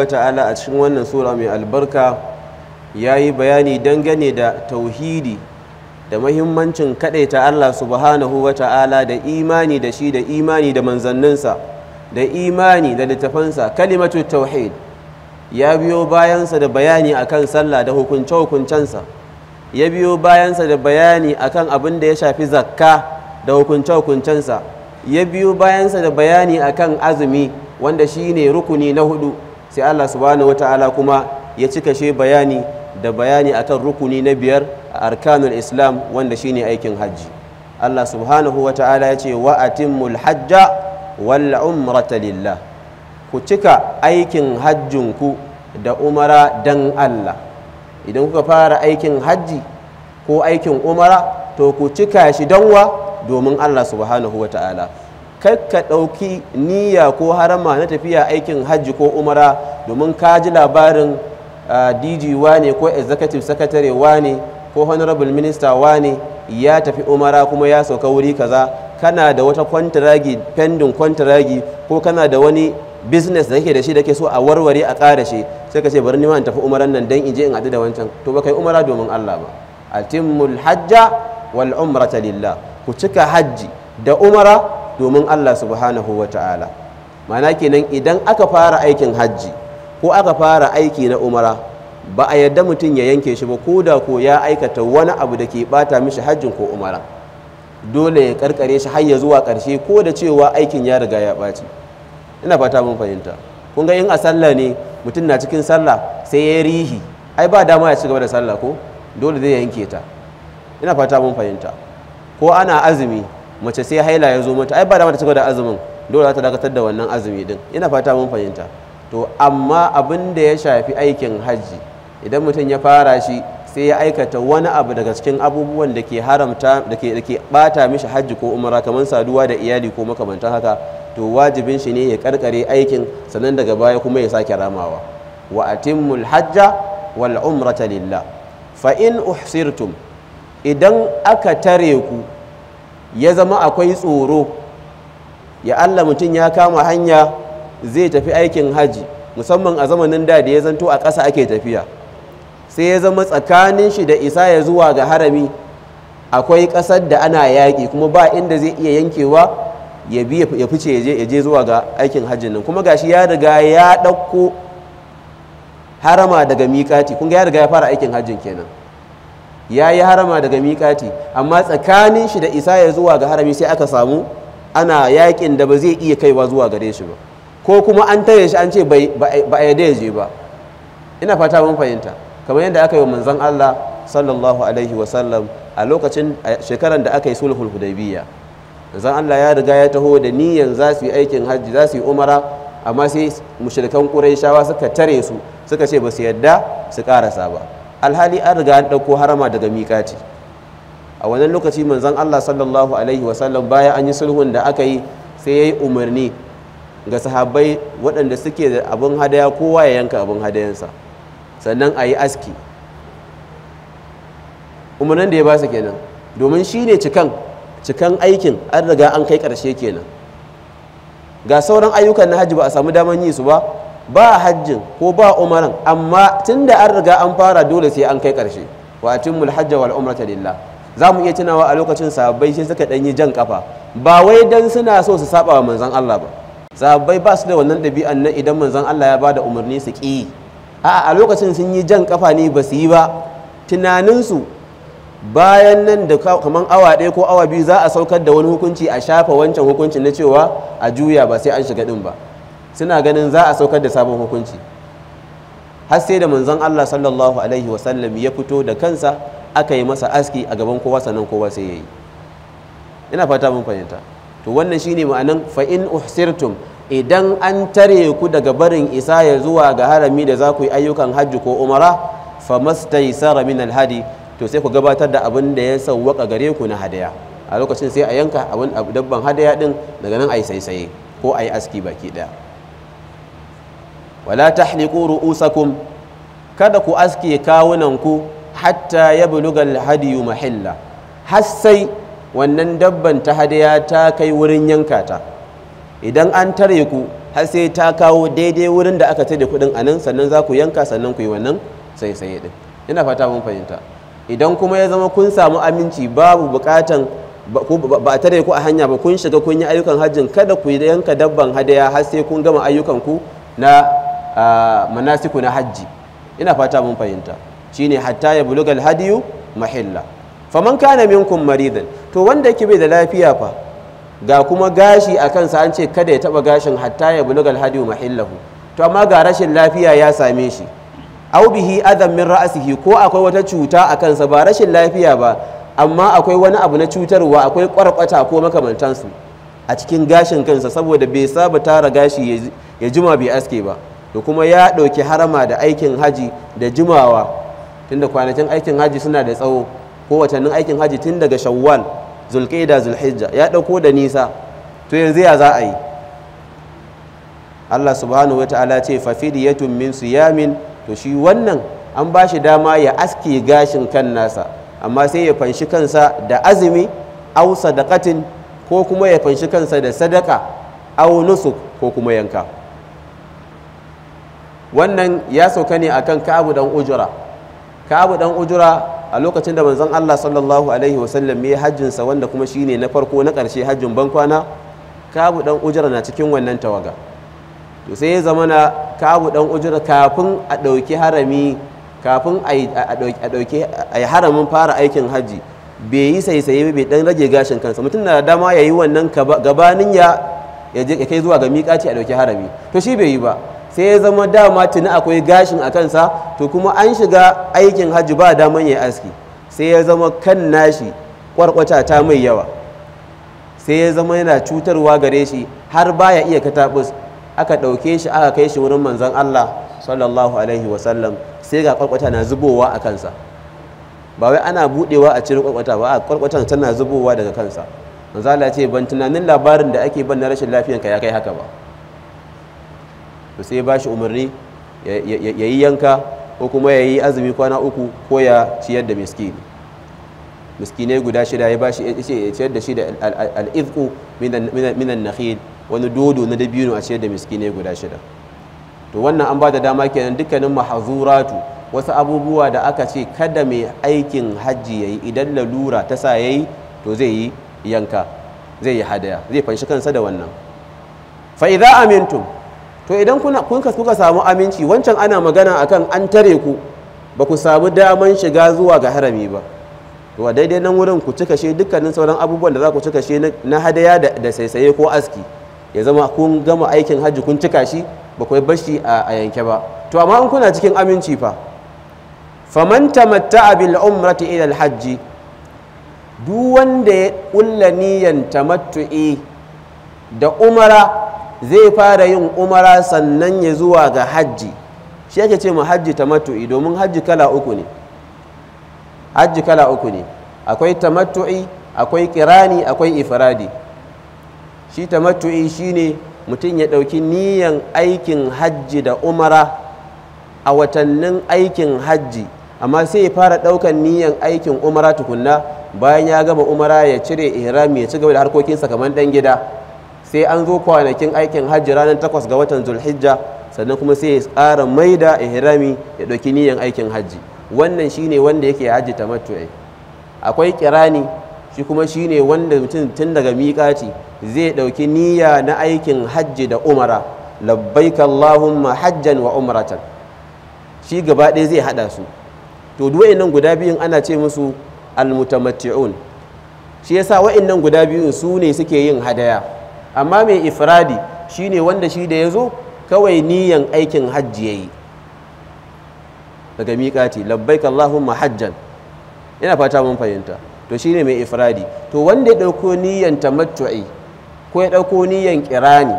ta'ala a cikin wannan sura mai albarka ya yi bayani dangane da tauhidi da mahimmancin ta Allah subhanahu wa ta'ala da imani da shi da imani da manzanninsa da imani da littafansa kalimatu tauhid ya biyo bayansa da bayani akan sallah da hukunce-hukuncensa ya biyo bayansa da bayani akan abin da ya shafi zakka da hukunce-hukuncensa ya biyo bayansa da bayani akan azumi wanda shi ne rukuni na hudu sai Allah subhanahu wataala kuma ya cika shi bayani da bayani akan rukuni na biyar a arkanul islam wanda shine aikin hajji Allah subhanahu wataala ya ce wa atimmul hajja wal umrata lillah ku cika aikin hajjinku da umara dan Allah idan kuka fara aikin hajji ko aikin umara to ku cika shi danwa domin Allah subhanahu wataala ka ɗauki niyya ko harama na tafiya aikin hajji ko umara domin ka ji labarin dg ne ko executive secretary ne ko honorable minister ne ya tafi umara kuma ya sauka wuri kaza kana da wata kwantaragi pending kwantaragi ko kana da wani business da kake da shi da ke so a warware a ƙara shi sai ka ce bari ma in tafi umaran nan dan in je in haɗu da wancan to ba kai umara domin Allah ba atimmul hajja wal umrata lillah ku cika hajji da umara domin Allah subhanahu wa ta'ala mana kenan idan aka fara aikin hajji ko aka fara aiki na umara ba a yadda mutum ya yanke shi ba ko da ko ya aikata wani abu da ke bata mishi hajjin ko umara dole ya karkare shi har ya zuwa karshe ko da cewa aikin ya riga ya ɓaci ina fata mun fahimta kun ga in a sallah ne mutum na cikin sallah sai ya rihi ai ba dama ya ci gaba da sallah ko dole zai yanke ta ina fata mun fahimta ko ana azumi mace sai haila ya zo mata ai ba da mata cigaba da azumin dole za ta dakatar da wannan azumi din ina fata mun fahimta to amma abin da ya shafi aikin hajji idan mutum ya fara shi sai ya aikata wani abu daga cikin abubuwan da ke haramta da ke bata mishi hajji ko umara kamar saduwa da iyali ko makamantan haka to wajibin shi ne ya karkare aikin sannan daga baya kuma ya sake ramawa wa atimmul hajja wal umrata lillah fa in uhsirtum idan aka tare ku ya zama akwai tsoro ya Allah mutum ya kama hanya zai tafi aikin haji musamman a zamanin da ya zanto a ƙasa ake tafiya sai ya zama tsakanin shi da isa ya zuwa ga harami akwai ƙasar da ana yaƙi kuma ba inda zai iya yankewa ya bi ya fice ya je zuwa ga aikin hajjin nan kuma gashi ya riga ya ɗauko harama daga miƙati kun ya riga ya fara aikin hajjin kenan ya yi harama daga miƙati amma tsakanin shi da isa ya zuwa ga harami sai aka samu ana yakin da ba zai iya kaiwa zuwa gare shi ba ko kuma an tare shi an ce ba a yadda ya je ba ina fata mun fahimta kamar yadda aka yi wa manzon Allah sallallahu alaihi wa sallam a lokacin shekaran da aka yi sulhul hudaybiyya manzon Allah ya riga ya taho da niyan za su yi aikin hajji za su yi umara amma sai mushrikan quraishawa suka tare su suka ce ba su yadda su karasa ba alhali an riga an ɗauko harama daga miƙati a wannan lokaci manzon Allah sallallahu alaihi wasallam bayan an yi sulhun da aka yi sai ya yi umarni ga sahabbai waɗanda suke da abin hadaya kowa ya yanka abin hadayansa sannan a yi aski umarnin da ya ba su kenan domin shi ne cikan cikan aikin an riga an kai ƙarshe kenan ga sauran ayyukan na hajji ba a samu daman yi su ba ba hajjin ko ba umaran amma tun da an riga an fara dole sai an kai karshe wa mul hajja wal umrata lillah za mu iya tunawa a lokacin sahabbai sai suka ɗanyi jan kafa ba wai dan suna so su saba wa manzon Allah ba sahabbai ba su da wannan ɗabi'an nan idan manzon Allah ya bada umarni su ƙi a a lokacin sun yi jan kafa ne ba su yi ba tunaninsu bayan nan da kaman awa ɗaya ko awa biyu za a saukar da wani hukunci a shafa wancan hukuncin na cewa a juya ba sai an shiga ɗin ba suna ganin za a saukar da sabon hukunci har sai da manzon Allah sallallahu alaihi wasallam ya fito da kansa aka yi masa aski a gaban kowa sannan kowa sai ya yi ina fata mun fahimta to wannan shine ma'anan fa in uhsirtum idan an tare ku daga barin isa ya zuwa ga harami da za ku yi ayyukan hajji ko umara fa mastaysara min alhadi to sai ku gabatar da abin da ya sauwaka gare ku na hadaya a lokacin sai a yanka abin dabban hadaya din daga nan a yi saisaye ko a yi aski baki daya wala tahliqu ru'usakum kada ku aske kawunanku hatta ya buluga hadiyu mahilla har wannan dabban ta hadaya ta kai wurin yanka ta idan an tare ku har sai ta kawo daidai wurin da aka da kudin anan sannan za ku yanka sannan ku yi wannan sai sai din ina fata mun fahimta idan kuma ya zama kun samu aminci babu bukatan ba tare ku a hanya ba kun shiga kun yi ayyukan hajjin kada ku yanka dabban hadaya har sai kun gama ayyukan ku na manasiku na hajji ina fata mun fahimta shine hatta ya buluga alhadiyu mahilla faman kana minkum maridan to wanda yake bai da lafiya fa ga kuma gashi a kansa an ce kada ya taba gashin hatta ya buluga alhadiyu mahillahu to amma ga rashin lafiya ya same shi au bihi adam min ra'sihi ko akwai wata cuta a kansa ba rashin lafiya ba amma akwai wani abu na cutarwa akwai kwarkwata ko makamantansu a cikin gashin kansa saboda bai saba tara gashi ya juma bai aske ba da kuma ya ɗauki harama da aikin haji da jimawa tunda kwanakin aikin haji suna da tsawo ko watannin aikin haji tun daga shawwal zulqaida zulhijja ya ɗauko da nisa to yanzu ya za a yi Allah subhanahu wa ta'ala ce fa tummin min siyamin to shi wannan an ba shi dama ya aske gashin kan nasa amma sai ya fanshi kansa da azumi au sadaqatin ko kuma ya fanshi kansa da sadaka au nusuk ko kuma yanka wannan ya sauka ne akan kabu dan ujura kabu dan ujura a lokacin da manzon Allah sallallahu alaihi wasallam ya hajjin sa wanda kuma shine na farko na karshe hajjin bankwana ka'abu dan ujura na cikin wannan tawaga to sai ya zama na ka'abu dan ujura kafin a ɗauki harami kafin a ɗauki a haramin fara aikin hajji bai yi saisaye bai dan rage gashin kansa mutum na dama ya yi wannan gabanin ya ya kai zuwa ga miƙaci a dauki harami to shi bai yi ba sai ya zama dama tuni akwai gashin a kansa to kuma an shiga aikin hajji ba daman ya aski sai ya zama kan nashi kwarkwata ta mai yawa sai ya zama yana cutarwa gare shi har baya iya katabus aka ɗauke shi aka kai shi wurin manzon Allah sallallahu alaihi wasallam sai ga kwarkwata na zubowa a kansa ba wai ana budewa a cire kwarkwata ba a tana zubowa daga kansa manzo Allah ya ce ban tunanin labarin da ake ban na rashin lafiyanka ya kai haka ba to sai ba shi umarni ya yi yanka ko kuma ya yi azumi kwana uku ko ya ciyar da miskini miskini guda shida ya bashi ya ciyar da shi da al'izku minan wani dodo na dabino a ciyar da miskini guda shida to wannan an ba da dama kenan dukkanin mahazuratu wasu abubuwa da aka ce kada mai aikin hajji ya yi idan lalura ta sa ya yi to zai yi yanka zai yi hadaya zai fanshi kansa da wannan fa'iza amintum to idan kuka samu aminci wancan ana magana akan an tare ku ba ku samu daman shiga zuwa ga harami ba to a daidai nan wurin ku cika shi dukkanin sauran abubuwan da za ku cika shi na hadaya da saisaye ko aski ya zama kun gama aikin hajji kun cika shi ba ku a yanke ba to amma in kuna cikin aminci fa faman tamatta'a bil umrati ila al hajji duk wanda ya kulla niyan tamatu'i da umara zai fara yin umara sannan ya zuwa ga hajji shi yake ce mu hajji tamattu'i domin hajji kala uku ne hajji kala uku ne akwai tamattu'i akwai kirani akwai ifradi shi tamattu'i shine mutum ya ɗauki niyan aikin hajji da umara a watannin aikin hajji amma sai ya fara ɗaukan niyan aikin umara tukunna bayan ya gama umara ya cire ihrami ya ci gaba da harkokinsa kamar ɗan gida sai an zo kwanakin aikin hajji ranar takwas ga watan zulhijja sannan kuma sai ya tsara mai da ihrami ya ɗauki niyan aikin hajji wannan shine wanda yake hajji tamattu'i akwai kirani shi kuma shine wanda mutum tun daga miƙati zai ɗauki niyya na aikin hajji da umara labbaik allahumma hajjan wa umratan shi gaba ɗaya zai haɗa su to duk nan guda biyun ana ce musu almutamatti'un shi yasa wa'annan guda biyun su ne suke yin hadaya amma mai ifradi shine wanda shi da ya zo kawai niyan aikin hajji ya yi daga miƙati labbaik Allahumma hajjan yana fata mun fahimta to shine mai ifradi to wanda ya ɗauko niyan tamattu'i ko ya ɗauko niyan kirani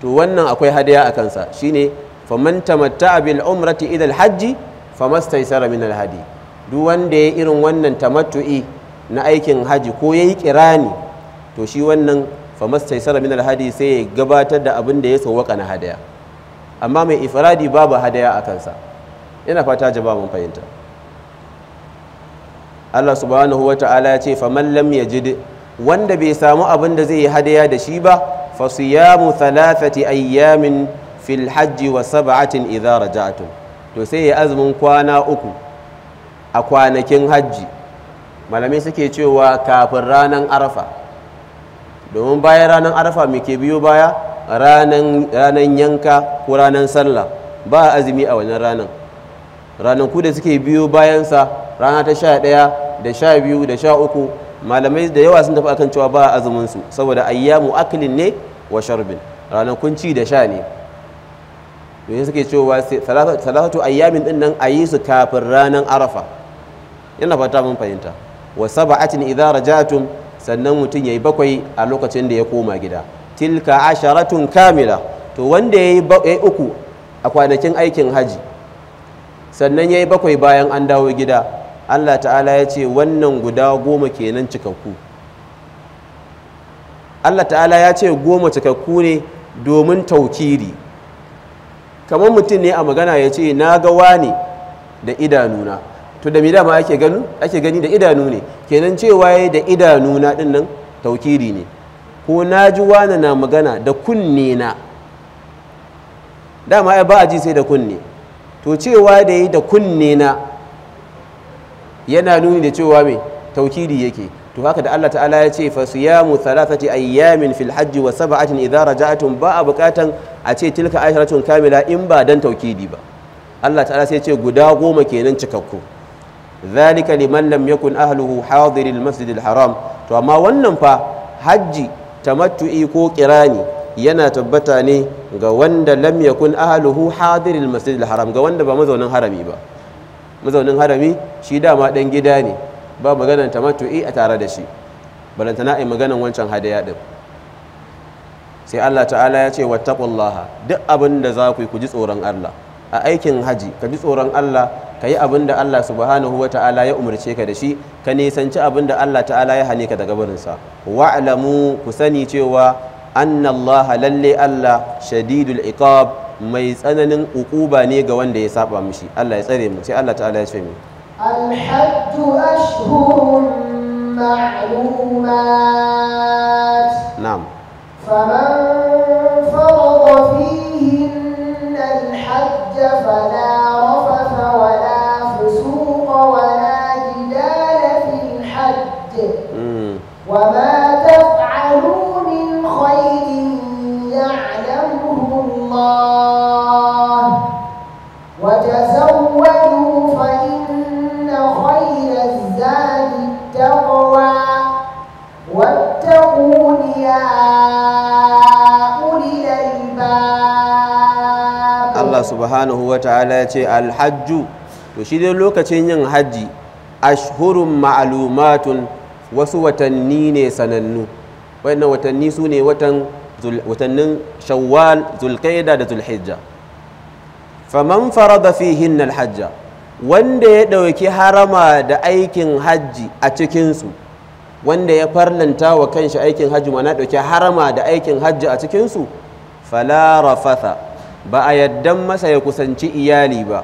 to wannan akwai hadaya a kansa shine faman tamatta'a bil umrati ila al hajji famastaysara min al hadi duk wanda ya irin wannan tamattu'i na aikin haji ko yayi kirani to shi wannan famas taisara min alhadi sai ya gabatar da abin da ya sawwaka na hadaya amma mai ifradi babu hadaya a kansa ina fata jaba mun fahimta Allah subhanahu wa ta'ala ya ce faman lam yajid wanda bai samu abin da zai yi hadaya da shi ba fa siyamu thalathati ayyamin fil hajji wa sab'atin idza raja'tum to sai ya azumin kwana uku a kwanakin hajji malamai suke cewa kafin ranar arafa domin bayan ranar arafa mai ke biyo baya ranar yanka ko ranar sallah ba azumi a wannan ranar ranaku da suke biyo bayansa rana ta sha ɗaya da sha biyu da sha uku malamai da yawa sun tafi akan cewa ba azumin su saboda ayyamu akilin ne wa sharbin ranar ci da sha ne yanzu suke cewa salatu ayyamin din nan a yi su kafin ranar arafa yana fata mun fahimta wa sab'atin idza raja'tum sannan mutum ya yi bakwai a lokacin da ya koma gida tilka asharatun kamila to wanda ya yi uku a kwanakin aikin haji sannan ya yi bakwai bayan an dawo gida allah ta'ala ya ce wannan guda goma kenan cikakku allah ta'ala ya ce goma cikakku ne domin taukiri kamar mutum ne a magana ya ce na ga wani da idanuna to da mida ma ake gani ake gani da idanu ne kenan cewa yayi da idanu na din nan taukiri ne ko na ji wani na magana da kunne na dama ai ba a ji sai da kunne to cewa da yi da kunne na yana nuni da cewa me taukiri yake to haka da Allah ta'ala ya ce fa mu thalathati ayyamin fil hajji wa sab'atin idza raja'tum ba a bukatan a ce tilka asharatun kamila in ba dan taukidi ba Allah ta'ala sai ya ce guda goma kenan cikakku zalika liman lam yakun ahluhu hadiril masjidil haram to amma wannan fa hajji tamattu'i ko kirani yana tabbata ne ga wanda lam yakun ahluhu hadiril masjidil haram ga wanda ba mazaunin harami ba mazaunin harami shi dama dan gida ne ba maganan tamattu'i a tare da shi balantana yi maganan wancan hadaya din sai Allah ta'ala ya ce wattaqullaha duk abin da za ku yi ku ji tsoron Allah a aikin haji ka ji tsoron Allah ka yi abin da Allah subhanahu wa ta'ala ya umarce ka da shi ka nisanci abin da Allah ta'ala ya hane ka daga barinsa wa'lamu ku sani cewa anna Allah lalle Allah shadidul iqab mai tsananin ukuba ne ga wanda ya saba mishi Allah ya tsare mu sai Allah ta'ala ya ce mu الحج أشهر معلومات now. subhanahu wa ta'ala ya ce alhajju to shi dai lokacin yin hajji ashhurun ma'alumatun wasu watanni ne sanannu wannan watanni su ne watannin shawwal zulqaida da zulhijja faman farada fihin alhajja wanda ya ɗauki harama da aikin hajji a cikinsu wanda ya farlanta wa kanshi aikin hajji mana ɗauki harama da aikin hajji a cikinsu fala rafatha ba a yaddan masa ya kusanci iyali ba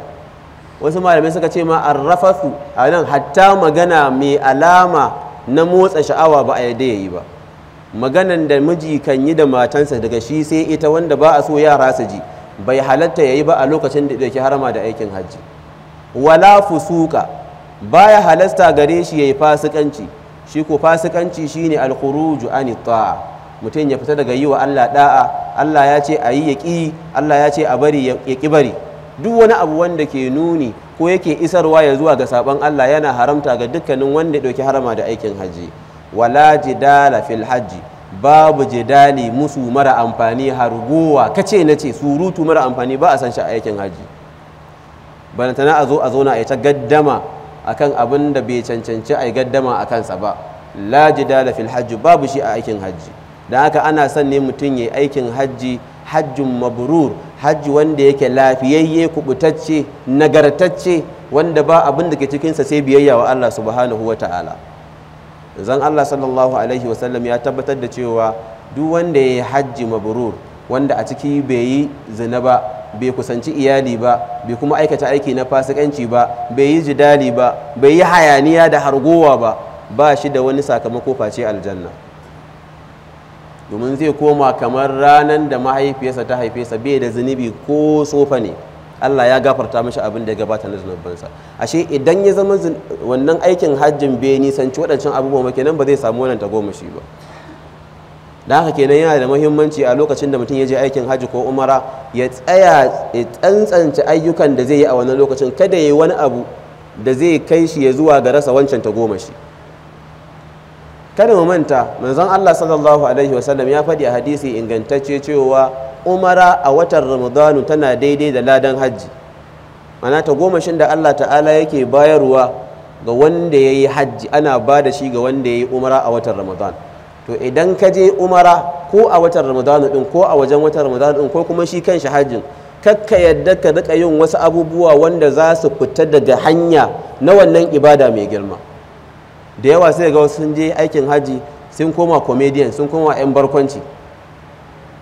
wasu malamai suka ce ma arrafasu a nan hatta magana mai alama na motsa sha'awa ba a yadda ya yi ba maganan da miji kan yi da matansa daga shi sai ita wanda ba a so yara su ji bai halatta ya yi ba a lokacin da ke harama da aikin hajji wala fusuka baya halasta gare shi ya yi fasikanci shi ko fasikanci shine alkuruju anit ta'a mutum ya fita daga yi wa Allah da'a Allah ya ce a yi ya ƙi Allah ya ce a bari ya ƙi bari duk wani abu wanda ke nuni ko yake isarwa ya zuwa ga saban Allah yana haramta ga dukkanin wanda ya ɗauki harama da aikin hajji wala jidala fil hajji babu jidali musu mara amfani harguwa kace na ce surutu mara amfani ba a san shi a aikin hajji tana a zo a zauna a ta gaddama akan abin da bai cancanci a gaddama a kansa ba la jidala fil hajji babu shi a aikin hajji da haka ana son ne mutum ya aikin hajji hajjin mabrur hajji wanda yake lafiyayye kubutacce nagartacce wanda ba abin da ke cikinsa sai biyayya wa Allah subhanahu wa ta'ala zan Allah sallallahu alaihi wasallam ya tabbatar da cewa duk wanda ya yi hajji mabrur wanda a ciki bai yi zina ba bai kusanci iyali ba bai kuma aikata aiki na fasikanci ba bai yi jidali ba bai yi hayaniya da hargowa ba ba shi da wani sakamako face aljanna domin zai koma kamar ranar da mahaifiyarsa ta haife sa bai da zunubi ko tsofa ne Allah ya gafarta mashi abin da ya gabata na zunubansa ashe idan ya zama wannan aikin hajjin bai nisanci waɗancan abubuwa kenan ba zai samu wannan tagomashi ba da haka kenan yana da muhimmanci a lokacin da mutum ya je aikin hajji ko umara ya tsaya ya tsantsance ayyukan da zai yi a wannan lokacin kada ya yi wani abu da zai kai shi ya zuwa ga rasa wancan tagomashi kada mu manta manzon Allah sallallahu alaihi wasallam ya faɗi a hadisi ingantacce cewa umara a watan ramadan tana daidai da ladan hajji mana ta goma shin da Allah ta'ala yake bayarwa ga wanda ya yi hajji ana ba da shi ga wanda ya yi umara a watan ramadan to idan ka je umara ko a watan ramadan din ko a wajen watan ramadan din ko kuma shi kanshi hajjin kakka yadda ka rika yin wasu abubuwa wanda za su fita daga hanya na wannan ibada mai girma da yawa sai ga sun je aikin haji sun koma comedian sun koma 'yan barkwanci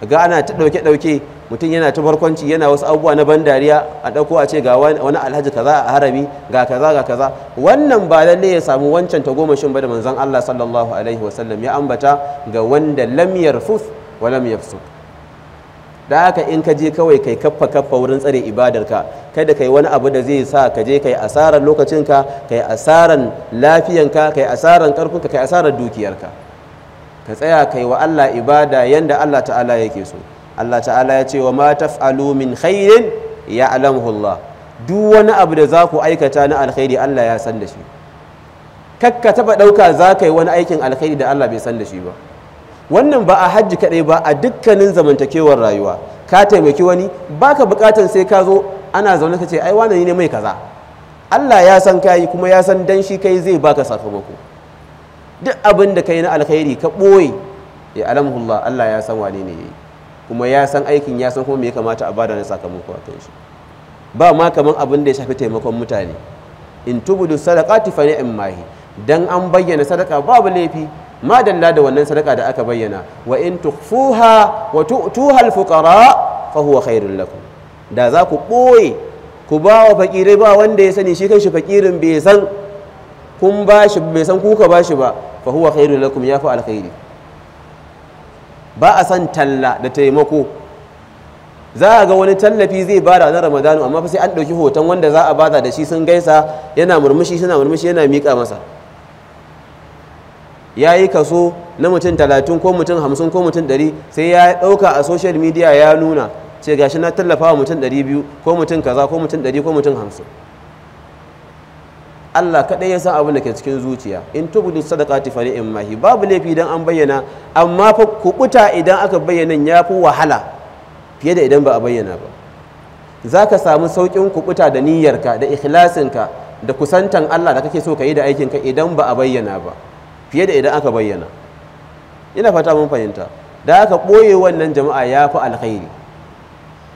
ga ana ta dauke-dauke mutum yana ta barkwanci yana wasu abubuwa na ban dariya a dauko a ce ga wani alhaji kaza a harami ga kaza ga kaza wannan ba lalle ya samu wancan ta goma shin ba da manzon Allah sallallahu alaihi wasallam ya ambata ga wanda lam yarfus wa lam yafsuk da haka in ka je kawai kai kaffa kaffa wurin tsare ibadarka kada kai wani abu da zai sa ka je kai asarar lokacinka kai asarar lafiyanka kai asarar karfinka kai asarar dukiyarka ka tsaya kai wa Allah ibada yanda Allah ta'ala yake so Allah ta'ala ya ce wa ma taf'alu min khairin ya'lamuhu Allah duk wani abu da za ku aikata na alkhairi Allah ya san da shi kakka taba dauka za wani aikin alkhairi da Allah bai san da shi ba wannan ba a hajji kaɗai ba a dukkanin zamantakewar rayuwa ka taimaki wani baka bukatan sai ka zo ana zaune ka ce ai wani ne mai kaza Allah ya san kayi kuma ya san dan shi kai zai baka sakamako duk abin da kai na alkhairi ka ɓoye ya alamhullah Allah ya san wane ne yayi kuma ya san aikin ya san kuma me ya kamata a bada na sakamako a kan shi ba ma kaman abin da ya shafi taimakon mutane in tubudu sadaqati fa ni'mahi dan an bayyana sadaka babu laifi ma da wannan sadaka da aka bayyana wa in tukhfuha fukara tu'tuha al-fuqara fa da za ku boye ku ba wa fakirai ba wanda ya sani shi kanshi fakirin bai san kun ba bai san kuka bashi ba fa huwa khairul lakum ya fi alkhairi ba a san talla da taimako za a ga wani tallafi zai bada na ramadanu amma sai an ɗauki hoton wanda za a bada da shi sun gaisa yana murmushi suna murmushi yana miƙa masa ya yi kaso na mutum talatin ko mutum hamsin ko mutum ɗari sai ya ɗauka a social media ya nuna ce gashi na tallafa wa mutum ɗari biyu ko mutum kaza ko mutum ɗari ko mutum hamsin Allah kaɗai ya san abin da ke cikin zuciya in sadaka sadaqati fari in mahi babu laifi idan an bayyana amma fa kuɓuta idan aka bayyana ya fi wahala fiye da idan ba a bayyana ba za ka samu sauƙin kuɓuta da niyyarka da ikhlasinka da kusantan Allah da kake so ka yi da aikinka idan ba a bayyana ba fiye da idan aka bayyana ina fata mun fahimta da aka ɓoye wannan jama'a ya fi alkhairi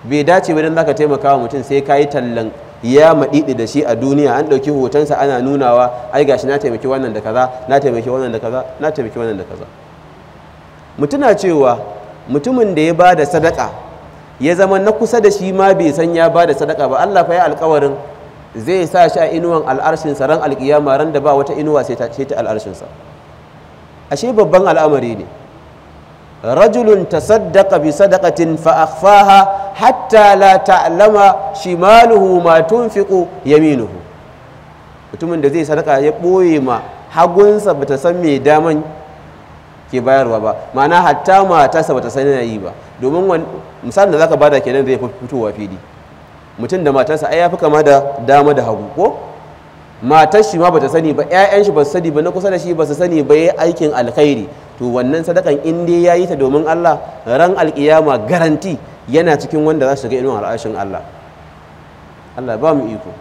bai dace ba don za ka taimaka wa mutum sai ka yi tallan ya maɗiɗi da shi a duniya an ɗauki hotonsa ana nunawa ai gashi na taimaki wannan da kaza na taimaki wannan da kaza na taimaki wannan da kaza mutuna cewa mutumin da ya bada sadaka ya zama na kusa da shi ma bai san ya bada sadaka ba Allah fa ya alƙawarin zai sa shi a inuwan sa ran alƙiyama ran da ba wata inuwa sai ta al'arshinsa ashe babban al'amari ne rajulun tasaddaqa bi sadaqatin fa akhfaha hatta la ta'lama shimaluhu ma tunfiqu yaminuhu mutumin da zai sadaka ya ɓoye ma hagunsa bata san me daman ke bayarwa ba ma'ana hatta matarsa bata san yana yi ba domin misalin da zaka bada kenan zai fitowa fili mutum da matarsa ai ya fi kama da dama da hagu ko matar shi ma bata sani ba ƴaƴan shi ba su sani ba na kusa da shi ba su sani ba yayi aikin alkhairi to wannan sadakan in dai yayi ta domin Allah ran alkiyama garanti yana cikin wanda za su shiga inuwar al'ashin Allah Allah ba mu iko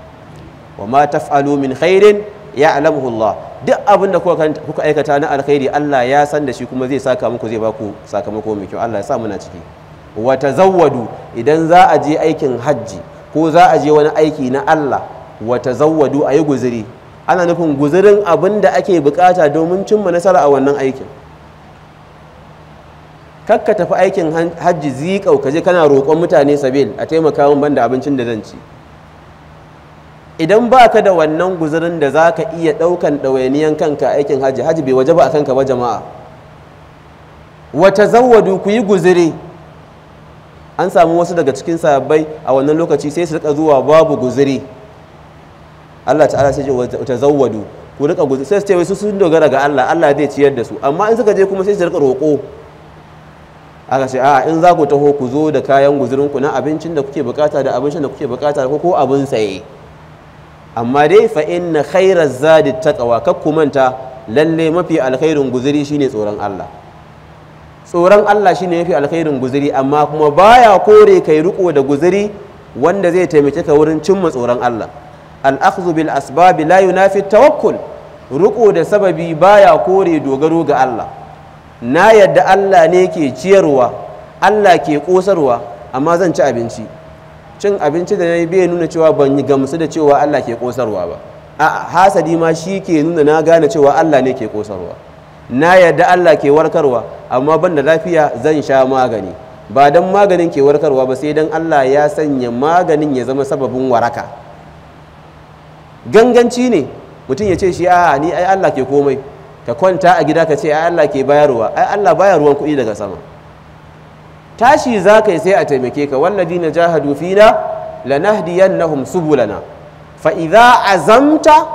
wa ma taf'alu min khairin ya'lamuhu Allah duk abin da kuka aikata na alkhairi Allah ya san da shi kuma zai saka muku zai ba ku sakamako mai kyau Allah ya sa muna ciki wa tazawwadu idan za a je aikin hajji ko za a je wani aiki na Allah Wata zawadu a yi guziri, ana nufin guzirin abin da ake bukata domin cimma nasara a wannan aikin kakka tafi aikin hajji zikau kaje kana roƙon mutane sabil a taimaka min banda abincin da zan ci idan baka da wannan guzurin da zaka iya ɗaukan ɗawainiyan kanka aikin hajji hajji bai waje ba a kanka ba jama'a wata zawadu ku yi guziri an samu wasu daga cikin sababbai a wannan lokaci sai su rika zuwa babu guziri Allah ta'ala sai ce wa ku rika guzu sai su ce su sun dogara ga Allah Allah zai ciyar da su amma in suka je kuma sai su rika roƙo aka ce a in za ku taho ku zo da kayan guzurin ku na abincin da kuke bukata da abincin da kuke bukata ko ko abin saye amma dai fa inna khairaz zadi taqwa kak ku manta lalle mafi alkhairin guzuri shine tsoron Allah tsoron Allah shine mafi alkhairin guzuri amma kuma baya kore kai riko da guzuri wanda zai taimake ka wurin cimma tsoron Allah al'akhdhu bil asbabi la yunafi tawakkul riƙo da sababi baya kore dogaro ga Allah na yadda Allah ne ke ciyarwa Allah ke kosarwa amma zan ci abinci cin abinci da nayi bai nuna cewa ban yi gamsu da cewa Allah ke kosarwa ba a hasadi ma shi ke nuna na gane cewa Allah ne ke kosarwa na yadda Allah ke warkarwa amma ban da lafiya zan sha magani ba don maganin ke warkarwa ba sai don Allah ya sanya maganin ya zama sababin waraka ganganci ne mutum ya ce shi a ni ai Allah ke komai ka kwanta a gida ka ce ai Allah ke bayarwa ai Allah ruwan kuɗi daga sama tashi za ka yi sai a taimake ka na jahadu fina lanahdiyannahum subulana fa idza azamta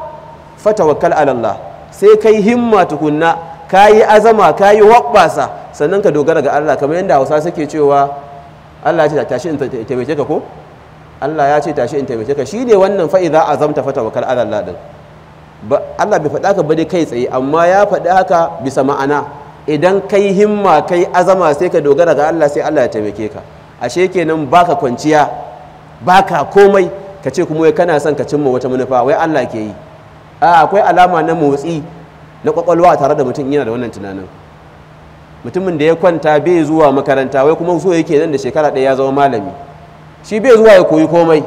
fatawakkal ala Allah sai kai himma tukunna kayi azama kayi wabbasa sannan ka dogara ga Allah kamar yadda Hausa suke cewa Allah ya ce tashi in taimake ka ko Allah ya ce tashi in taimake ka shine wannan za a zamta fata wa ala Allah ɗin Allah bai faɗa ka ba dai kai tsaye amma ya faɗi haka bisa ma'ana idan kai himma kai azama sai ka dogara ga Allah sai Allah ya taimake ka ashe kenan baka kwanciya baka komai ka ce kuma kana son ka cimma wata manufa wai Allah ke yi a akwai alama na motsi na kwakwalwa tare da mutum yana da wannan tunanin mutumin da ya kwanta bai zuwa makaranta wai kuma so yake nan da shekara ɗaya ya zama malami shi bai zuwa ya koyi komai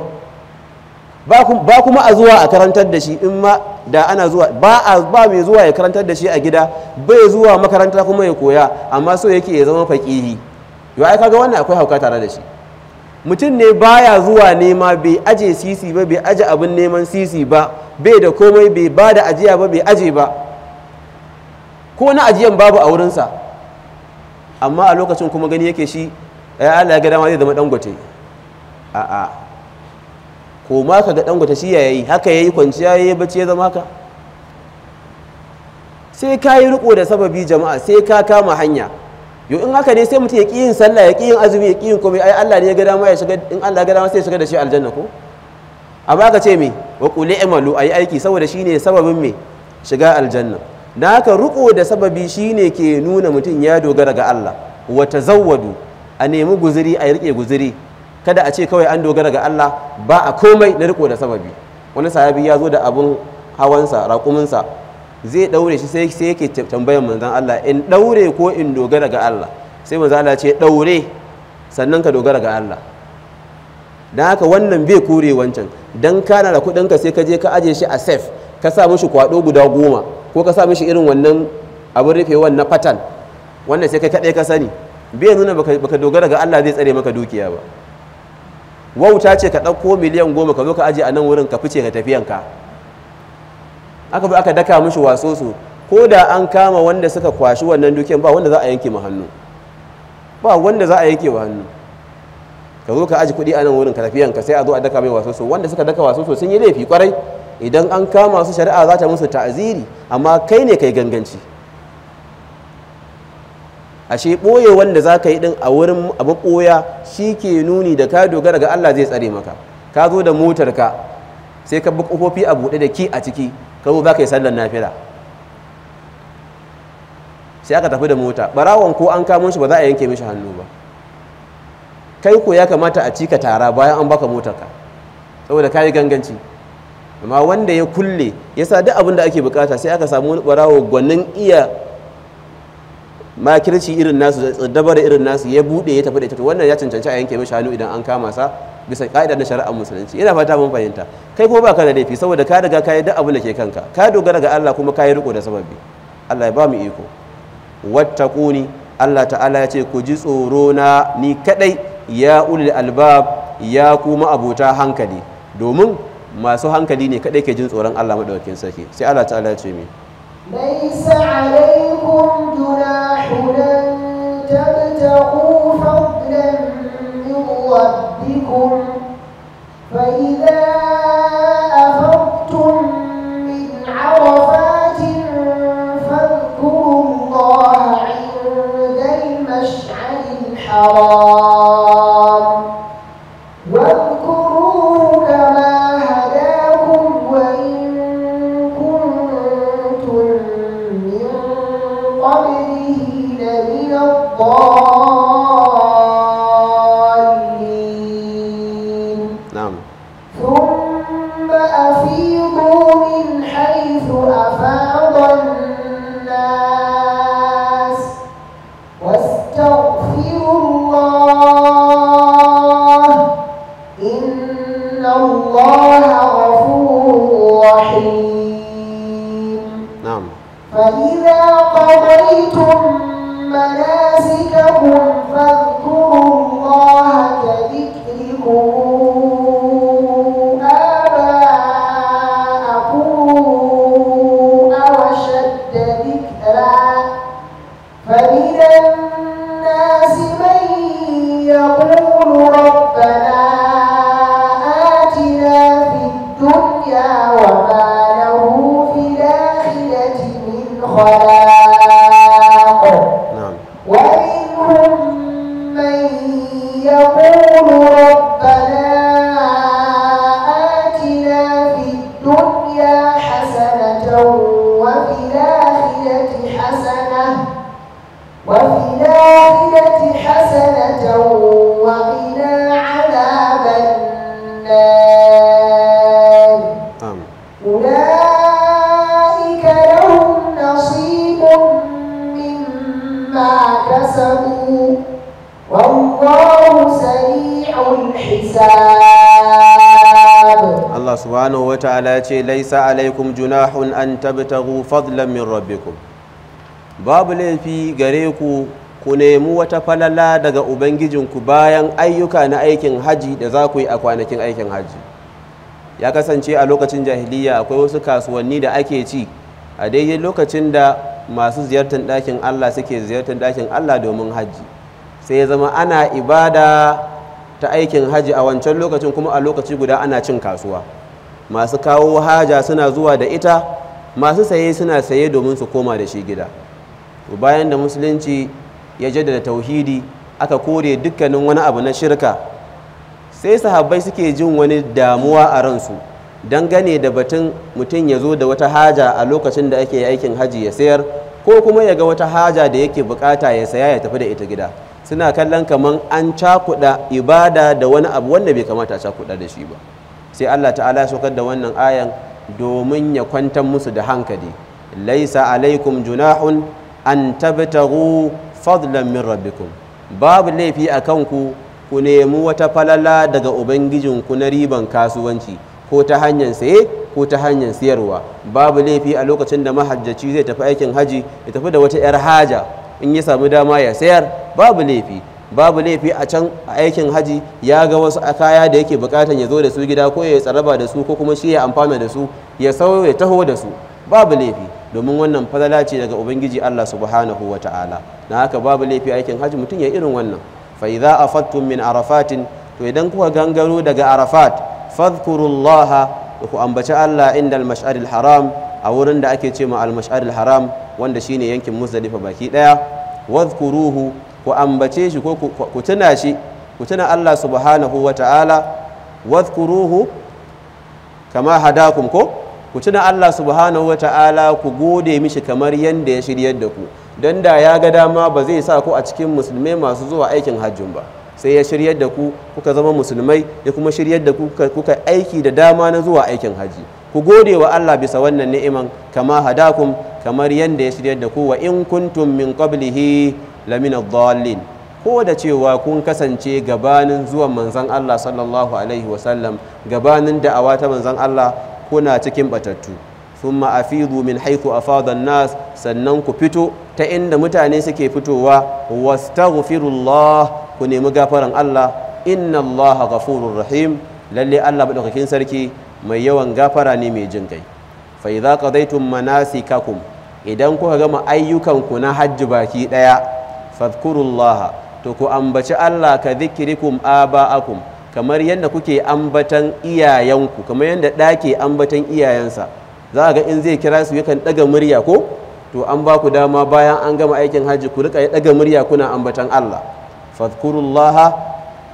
ba kuma a zuwa a karantar da shi in ma da ana zuwa ba a ba mai zuwa ya karantar da shi a gida bai zuwa makaranta kuma ya koya amma so yake ya zama faƙihi yau ai kaga wannan akwai hauka tare da shi mutum ne baya zuwa nema bai aje sisi ba bai aje abin neman sisi ba bai da komai bai ba da ajiya ba bai aje ba ko na ajiyan babu a wurinsa amma a lokacin kuma gani yake shi ya Allah ya ga dama zai zama dangote a'a ko ma ka ga dangote shi ya yi haka ya yi kwanciya ya yi bacci ya zama haka sai ka yi riko da sababi jama'a sai ka kama hanya yau in haka ne sai mutum ya ƙi yin sallah ya ƙi yin azumi ya ƙi yin komai ai Allah ne ya ga dama ya shiga in Allah ga dama sai ya shiga da shi aljanna ko amma ka ce me wa qul i'malu yi aiki saboda shine sababin me shiga aljanna na haka riko da sababi shine ke nuna mutum ya dogara ga Allah wa tazawwadu a nemi guzuri a rike guzuri kada a ce kawai an dogara ga Allah ba a komai na riko da sababi wani sahabi ya zo da abun hawansa raƙuminsa zai daure shi sai yake tambayan manzan Allah in daure ko in dogara ga Allah sai manzan Allah ce daure sannan ka dogara ga Allah dan haka wannan bai kore wancan dan kana da kuɗinka sai ka je ka aje shi a safe ka sa mishi kwado guda goma ko ka sa mishi irin wannan abin rufe na fatan wannan sai kai kaɗai ka sani bai nuna baka dogara ga Allah zai tsare maka dukiya ba wauta ce ka ɗauko miliyan goma ka zo ka aji a nan wurin ka fice ka tafiyanka aka bi aka daka mishi waso su ko da an kama wanda suka kwashi wannan dukiyan ba wanda za a yanke mu hannu ba wanda za a yanke wa hannu ka zo ka aji kuɗi a nan wurin ka tafiyanka sai a zo a daka mai waso su wanda suka daka waso su sun yi laifi kwarai idan an kama su shari'a za ta musu ta'aziri amma kai ne kai ganganci ashe ɓoye wanda za ka yi ɗin a wurin abu ɓoya shi ke nuni da ka dogara ga Allah zai tsare maka ka zo da motarka sai ka bi ƙofofi a buɗe da ki a ciki ka zo za ka yi sallar nafila sai aka tafi da mota ɓarawon ko an kamo shi ba za a yanke mishi hannu ba kai ko ya kamata a cika tara bayan an baka motarka saboda ka yi ganganci amma wanda ya kulle ya sa duk abin da ake bukata sai aka samu wani ɓarawo gwanin iya makirci irin nasu dabar irin nasu ya bude ya tafi da ita wannan ya cancanci a yanke mai hannu idan an kama sa bisa ka'ida na shari'ar musulunci ina fata mun fahimta kai ko baka da laifi saboda ka riga ka yi duk da ke kanka ka dogara ga Allah kuma ka yi riko da sababi Allah ya ba mu iko wattaquni Allah ta'ala ya ce ku ji tsoro na ni kadai ya ulil albab ya kuma abota hankali domin masu hankali ne kadai ke jin tsoron Allah madaukakin sarki sai Allah ta'ala ya ce min. ليس عليكم جناح أن تبتغوا فضلا من ربكم فإذا ce laisa alaikum junahun an tabtagu fadlan min rabbikum babu laifi gare ku ku nemi wata falala daga ubangijinku bayan ayyuka na aikin haji da za ku yi a kwanakin aikin haji ya kasance a lokacin jahiliya akwai wasu kasuwanni da ake ci a daidai lokacin da masu ziyartar ɗakin allah suke ziyartar ɗakin allah domin haji sai ya zama ana ibada ta aikin haji a wancan lokacin kuma a lokaci guda ana cin kasuwa masu kawo haja suna zuwa da ita masu saye suna saye domin su koma da shi gida bayan da musulunci ya jaddada tauhidi aka kore dukkanin wani abu na shirka sai sahabbai suke jin wani damuwa a ransu don gane da batun mutum ya zo da wata haja a lokacin da ake aikin haji ya sayar ko kuma ya ga wata haja da yake bukata ya saya ya tafi da ita gida suna kallon kaman an cakuɗa ibada da wani abu wanda bai kamata a cakuɗa da shi ba sai Allah ta'ala ya saukar da wannan ayan domin ya kwantar musu da hankali laisa alaikum junahun an tabtagu fadlan min rabbikum babu laifi a kanku ku nemi wata falala daga ku na riban kasuwanci ko ta hanyar saye ko ta hanyar siyarwa babu laifi a lokacin da mahajjaci zai tafi aikin haji ya tafi da wata 'yar haja in ya samu dama ya sayar babu laifi babu laifi a can a aikin haji ya ga wasu a kaya da yake bukatan ya zo da su gida ko ya tsaraba da su ko kuma shi ya amfana da su ya sauyo ya taho da su babu laifi domin wannan fadala ce daga ubangiji Allah subhanahu wa ta'ala na haka babu laifi aikin haji mutum ya irin wannan fa idza afattum min arafatin to idan kuka gangaro daga arafat fadhkurullaha ku ambaci Allah inda al-mash'aril haram a wurin da ake ce ma al-mash'aril haram wanda shine yankin muzdalifa baki daya wadhkuruhu ku ambace shi ko ku tuna shi ku tuna Allah subhanahu wa ta'ala wadhkuruhu kama hadakum ko ku tuna Allah subhanahu wa ta'ala ku gode mishi kamar yadda ya shiryar da ku don da ya ga dama ba zai sa ku a cikin musulmai masu zuwa aikin hajjin ba sai ya shiryar da ku kuka zama musulmai ya kuma shiryar da ku kuka aiki da dama na zuwa aikin hajji ku gode wa Allah bisa wannan ni'iman kama hadakum kamar yadda ya shiryar da ku wa in kuntum min qablihi lamina dhallin ko da cewa kun kasance gabanin zuwan manzan Allah sallallahu alaihi wasallam gabanin da'awa ta manzon Allah kuna cikin batattu thumma afidu min a afada nas sannan ku fito ta inda mutane suke fitowa wastaghfirullah ku nemi gafaran Allah inna Allah ghafurur rahim lalle Allah madaukakin sarki mai yawan gafara ne mai jin kai fa idza qadaytum manasikakum idan kuka gama ayyukan ku na hajji baki daya fadkurullaha to ku ambaci Allah ka zikirikum aba'akum kamar yadda kuke ambatan iyayenku kamar yadda ɗake ambatan iyayensa za ga in zai kira su yakan ɗaga murya ko to an ba ku dama bayan an gama aikin hajji ku rika ɗaga murya kuna ambatan Allah fadkurullaha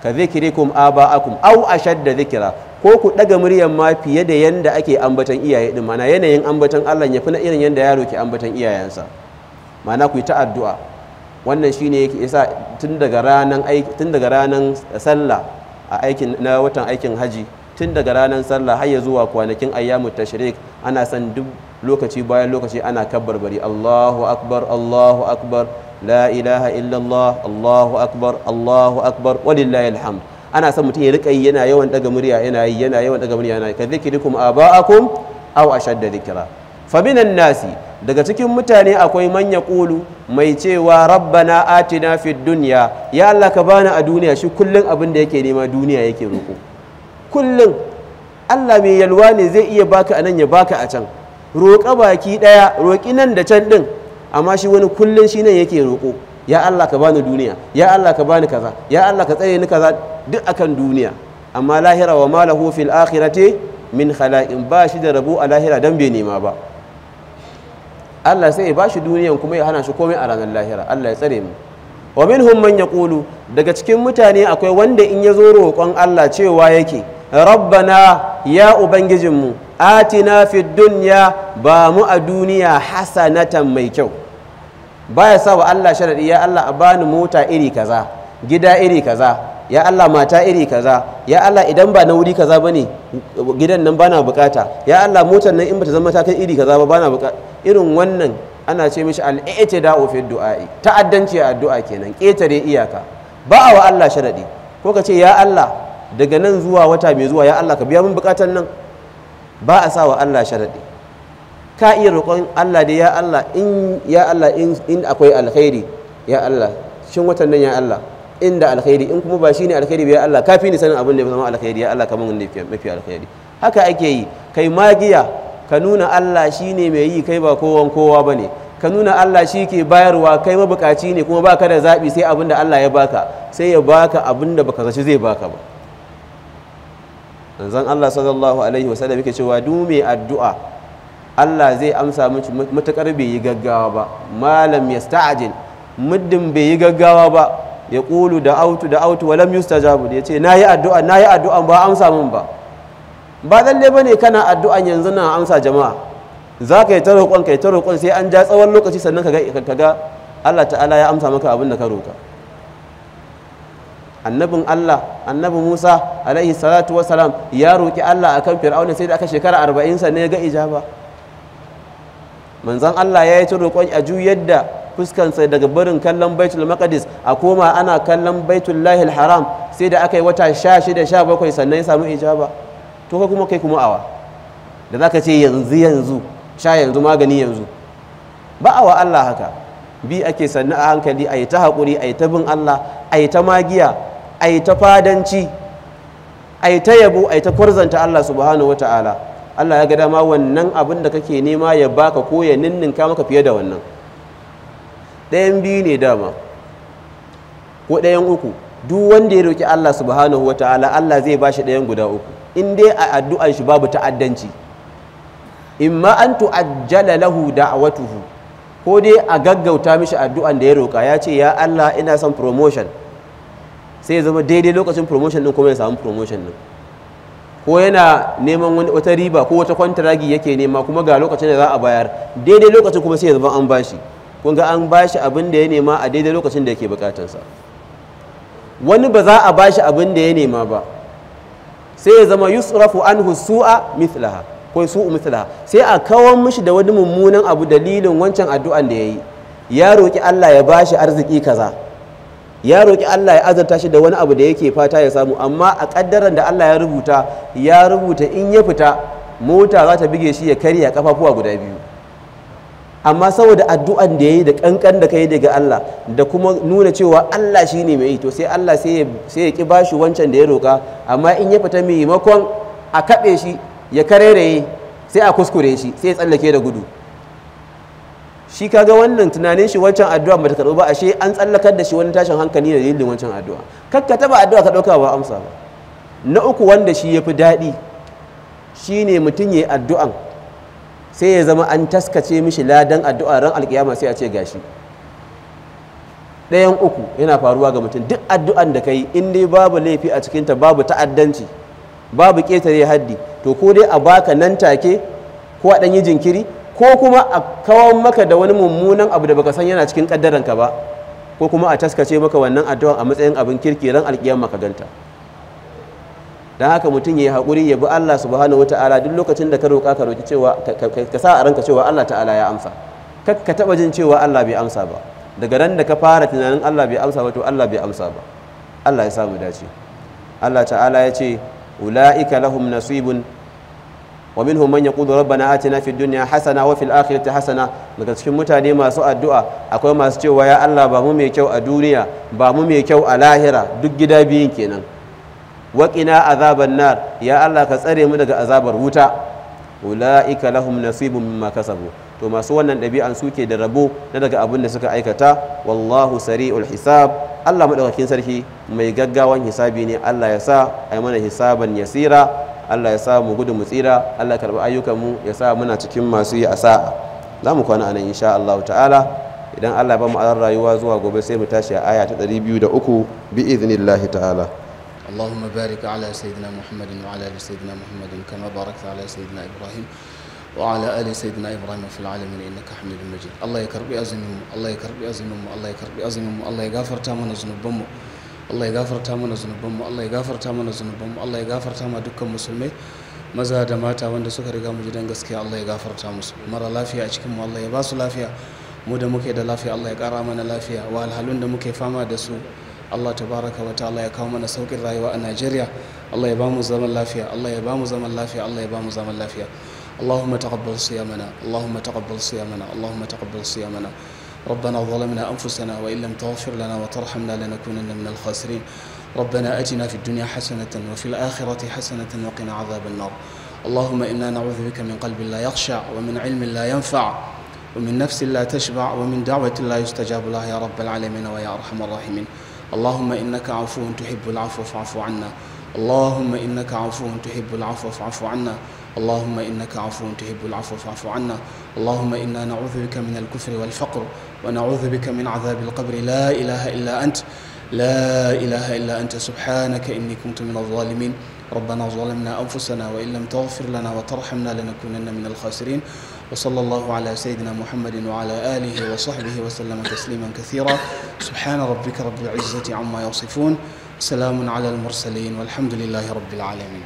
ka zikirikum aba'akum au ashadda zikira ko ku ɗaga muryar ma fiye da yadda ake ambatan iyaye din mana yanayin ambatan Allah ya fi na irin yadda yaro ke ambatan iyayensa mana ku yi ta addu'a wannan shine yake isa tun daga ranan tun daga ranar sallah a aikin na watan aikin haji tun daga ranar sallah har ya zuwa kwanakin ayyamu tashrik ana san duk lokaci bayan lokaci ana kabbar bari Allahu akbar Allahu akbar la ilaha illallah Allahu akbar Allahu akbar walillahi alhamd ana san mutum ya rika yi yana yawan daga murya yana yi yana yawan daga murya yana ka zikrikum aba'akum aw ashadda dhikra faminan nasi daga cikin mutane akwai manya kulu mai cewa rabbana atina fi duniya ya Allah ka bani a duniya shi kullum abin da yake nema duniya yake roƙo kullum Allah mai yalwa ne zai iya baka anan ya baka a can roƙa baki ɗaya roƙi nan da can ɗin amma shi wani kullum shi nan yake roƙo ya Allah ka bani duniya ya Allah ka bani kaza ya Allah ka tsare ni kaza duk akan duniya amma lahira wa malahu fil akhirati min khala'in ba shi da rabo a lahira dan bai nema ba Allah sai ya bashi duniyan kuma ya hana shi komai a ranar lahira Allah ya tsare mu wa minhum man yaqulu daga cikin mutane akwai wanda in ya zo roƙon Allah cewa yake rabbana ya ubangijinmu atina fid dunya ba mu a duniya hasanatan mai kyau baya sa wa Allah sharadi ya Allah a bani mota iri kaza gida iri kaza ya Allah mata iri kaza ya Allah idan ba na wuri kaza bane gidan nan bana bukata ya Allah motar nan in bata zama ta kai iri kaza ba bana bukata irin wannan ana ce mishi al-i'tida'u fi du'a'i ta'addanci a addu'a kenan ketare iyaka ba wa Allah sharadi ko ka ce ya Allah daga nan zuwa wata mai zuwa ya Allah ka biya min bukatan nan ba a sa wa Allah sharadi ka iya roƙon Allah da ya Allah in ya Allah in akwai alkhairi ya Allah shin watan nan ya Allah inda alkhairi in kuma ba ne alkhairi bai Allah kafi ni sanin abin da ya zama alkhairi ya Allah kamar wanda mafi alkhairi haka ake yi kai magiya ka nuna Allah ne mai yi kai ba kowan kowa ne ka nuna Allah shi ke bayarwa kai mabukaci ne kuma baka da zaɓi sai abin da Allah ya baka sai ya baka abin da baka zaci zai baka ba zan Allah sallallahu alaihi Sallam yake cewa du mai addu'a Allah zai amsa miki matakar bai yi gaggawa ba malam yasta'jil muddin bai yi gaggawa ba ya ƙulu da autu da autu walam yustajabu ya ce na yi addu'a na yi addu'a ba amsa min ba ba lalle ba ne kana addu'an yanzu na amsa jama'a za ka yi ta roƙon ka yi ta roƙon sai an ja tsawon lokaci sannan ka ga Allah ta'ala ya amsa maka abin da ka roƙa annabin Allah annabi Musa alaihi salatu wasalam ya roƙi Allah akan fir'auna sai da aka shekara arba'in sannan ya ga ijaba manzan Allah ya yi ta roƙon a juyar da fuskansa daga barin kallon baitul maqdis a koma ana kallon baitul lahil haram sai da aka yi wata sha shida sha bakwai sannan ya samu ijaba to ka kuma kai kuma awa da zaka ce yanzu yanzu sha yanzu magani yanzu ba awa Allah haka bi ake sannu a hankali a yi ta haƙuri a yi ta bin Allah a yi ta magiya a yi ta fadanci a yi ta yabo a yi ta kwarzanta Allah subhanahu wa ta'ala Allah ya ga dama wannan abin da kake nema ya baka ko ya ninninka maka fiye da wannan ɗayan biyu ne dama ko ɗayan uku duk wanda ya roki Allah subhanahu wa ta'ala Allah zai ba shi ɗayan guda uku in dai a addu'an shi babu ta'addanci imma an tu'ajjala lahu hu ko dai a gaggauta mishi addu'an da ya roka ya ce ya Allah ina son promotion sai ya zama daidai lokacin promotion din kuma ya samu promotion din ko yana neman wani wata riba ko wata kwantaragi yake nema kuma ga lokacin da za a bayar daidai lokacin kuma sai ya zama an bashi kun ga an bashi abin da ya nema a daidai lokacin da yake bukatansa wani ba za a bashi abin da ya nema ba sai ya zama yusrafu an su'a mithlaha ko su'u mithlaha sai a kawo mishi da wani mummunan abu dalilin wancan addu'an da ya yi ya roƙi Allah ya bashi arziki kaza ya roƙi Allah ya azarta shi da wani abu da yake fata ya samu amma a ƙaddaran da Allah ya rubuta ya rubuta in ya fita mota za ta bige shi ya karya kafafuwa guda biyu amma saboda addu'an da ya yi da kankan da kai daga Allah da kuma nuna cewa Allah shine mai to sai Allah sai ya ki bashi wancan da ya roƙa amma in ya fita maimakon a kaɓe shi ya karere sai a kuskure shi sai ya tsallake da gudu shi kaga wannan tunanin shi wancan addu'a bata karɓi ba ashe an tsallakar da shi wani tashin hankali da yin wancan addu'a kakka taba addu'a ka ɗauka ba amsa ba na uku wanda shi yafi fi daɗi shine mutum ya yi addu'an sai ya zama an taskace mishi ladan addu'a ran alkiyama sai a ce gashi ɗayan uku yana faruwa ga mutum duk addu'an da ka in dai babu laifi a cikin ta babu ta'addanci babu ƙetare haddi to ko dai a baka nan take ko a ɗanyi jinkiri ko kuma a kawo maka da wani mummunan abu da baka san yana cikin kaddaranka ba ko kuma a taskace maka wannan addu'a a matsayin abin kirki ran alkiyama ka ganta dan haka mutum ya haƙuri ya bi Allah subhanahu wataala duk lokacin da ka roƙa ka roƙi cewa ka sa a ranka cewa Allah ta'ala ya amsa kar ka taɓa jin cewa Allah bai amsa ba daga ran da ka fara tunanin Allah bai amsa ba to Allah bai amsa ba Allah ya samu dace Allah ta'ala ya ce ula'ika lahum nasibun wa minhum man yaqulu rabbana atina fi duniya hasana wa fil akhirati hasana daga cikin mutane masu addu'a akwai masu cewa ya Allah ba mai kyau a duniya bamu mai kyau a lahira duk gida biyun kenan wa qina azaban nar ya Allah ka tsare mu daga azabar wuta ulaika lahum nasibun mimma kasabu to masu wannan ɗabi'an suke da rabo na daga abin da suka aikata wallahu sari'ul hisab Allah madaukakin sarki mai gaggawan hisabi ne Allah ya sa ai mana hisaban yasira Allah ya sa mu gudu mu tsira Allah ya ayyukan mu ya sa muna cikin masu yi asa'a za mu kwana nan insha Allah ta'ala idan Allah ya bamu a rayuwa zuwa gobe sai mu tashi a aya ta 203 bi iznillahi ta'ala Allahumma barik ala sayyidina Muhammadin wa ala sayyidina Muhammadin kama barakta ala sayyidina Ibrahim wa ala ali sayyidina Ibrahim fil alamin innaka Hamidum Majid Allah ya karbi azumin Allah ya karbi azumin Allah ya karbi azumin Allah ya gafarta mana zanubanmu Allah Allah ya gafarta mana zunubanmu Allah ya gafarta mana zunubanmu Allah ya gafarta ma dukkan musulmai maza da mata wanda suka riga mu jidan gaskiya Allah ya gafarta musu mara lafiya a cikin mu Allah ya ba su lafiya mu da muke da lafiya Allah ya kara mana lafiya wa alhalun da muke fama da su Allah tabaraka wa ta'ala ya kawo mana saukin rayuwa a Najeriya Allah ya ba mu zaman lafiya Allah ya ba mu zaman lafiya Allah ya ba mu zaman lafiya اللهم تقبل صيامنا اللهم تقبل صيامنا اللهم تقبل صيامنا ربنا ظلمنا أنفسنا وإن لم تغفر لنا وترحمنا لنكونن من الخاسرين ربنا أتنا في الدنيا حسنة وفي الآخرة حسنة وقنا عذاب النار اللهم إنا نعوذ بك من قلب لا يخشع ومن علم لا ينفع ومن نفس لا تشبع ومن دعوة لا يستجاب لها يا رب العالمين ويا أرحم الراحمين اللهم إنك عفو تحب العفو فاعف عنا اللهم إنك عفو تحب العفو فاعف عنا اللهم إنك عفو تحب العفو فاعف عنا اللهم إنا نعوذ بك من الكفر والفقر ونعوذ بك من عذاب القبر لا إله إلا أنت لا إله إلا أنت سبحانك إني كنت من الظالمين ربنا ظلمنا أنفسنا وإن لم تغفر لنا وترحمنا لنكونن من الخاسرين وصلى الله على سيدنا محمد وعلى آله وصحبه وسلم تسليما كثيرا سبحان ربك رب العزة عما يصفون سلام على المرسلين والحمد لله رب العالمين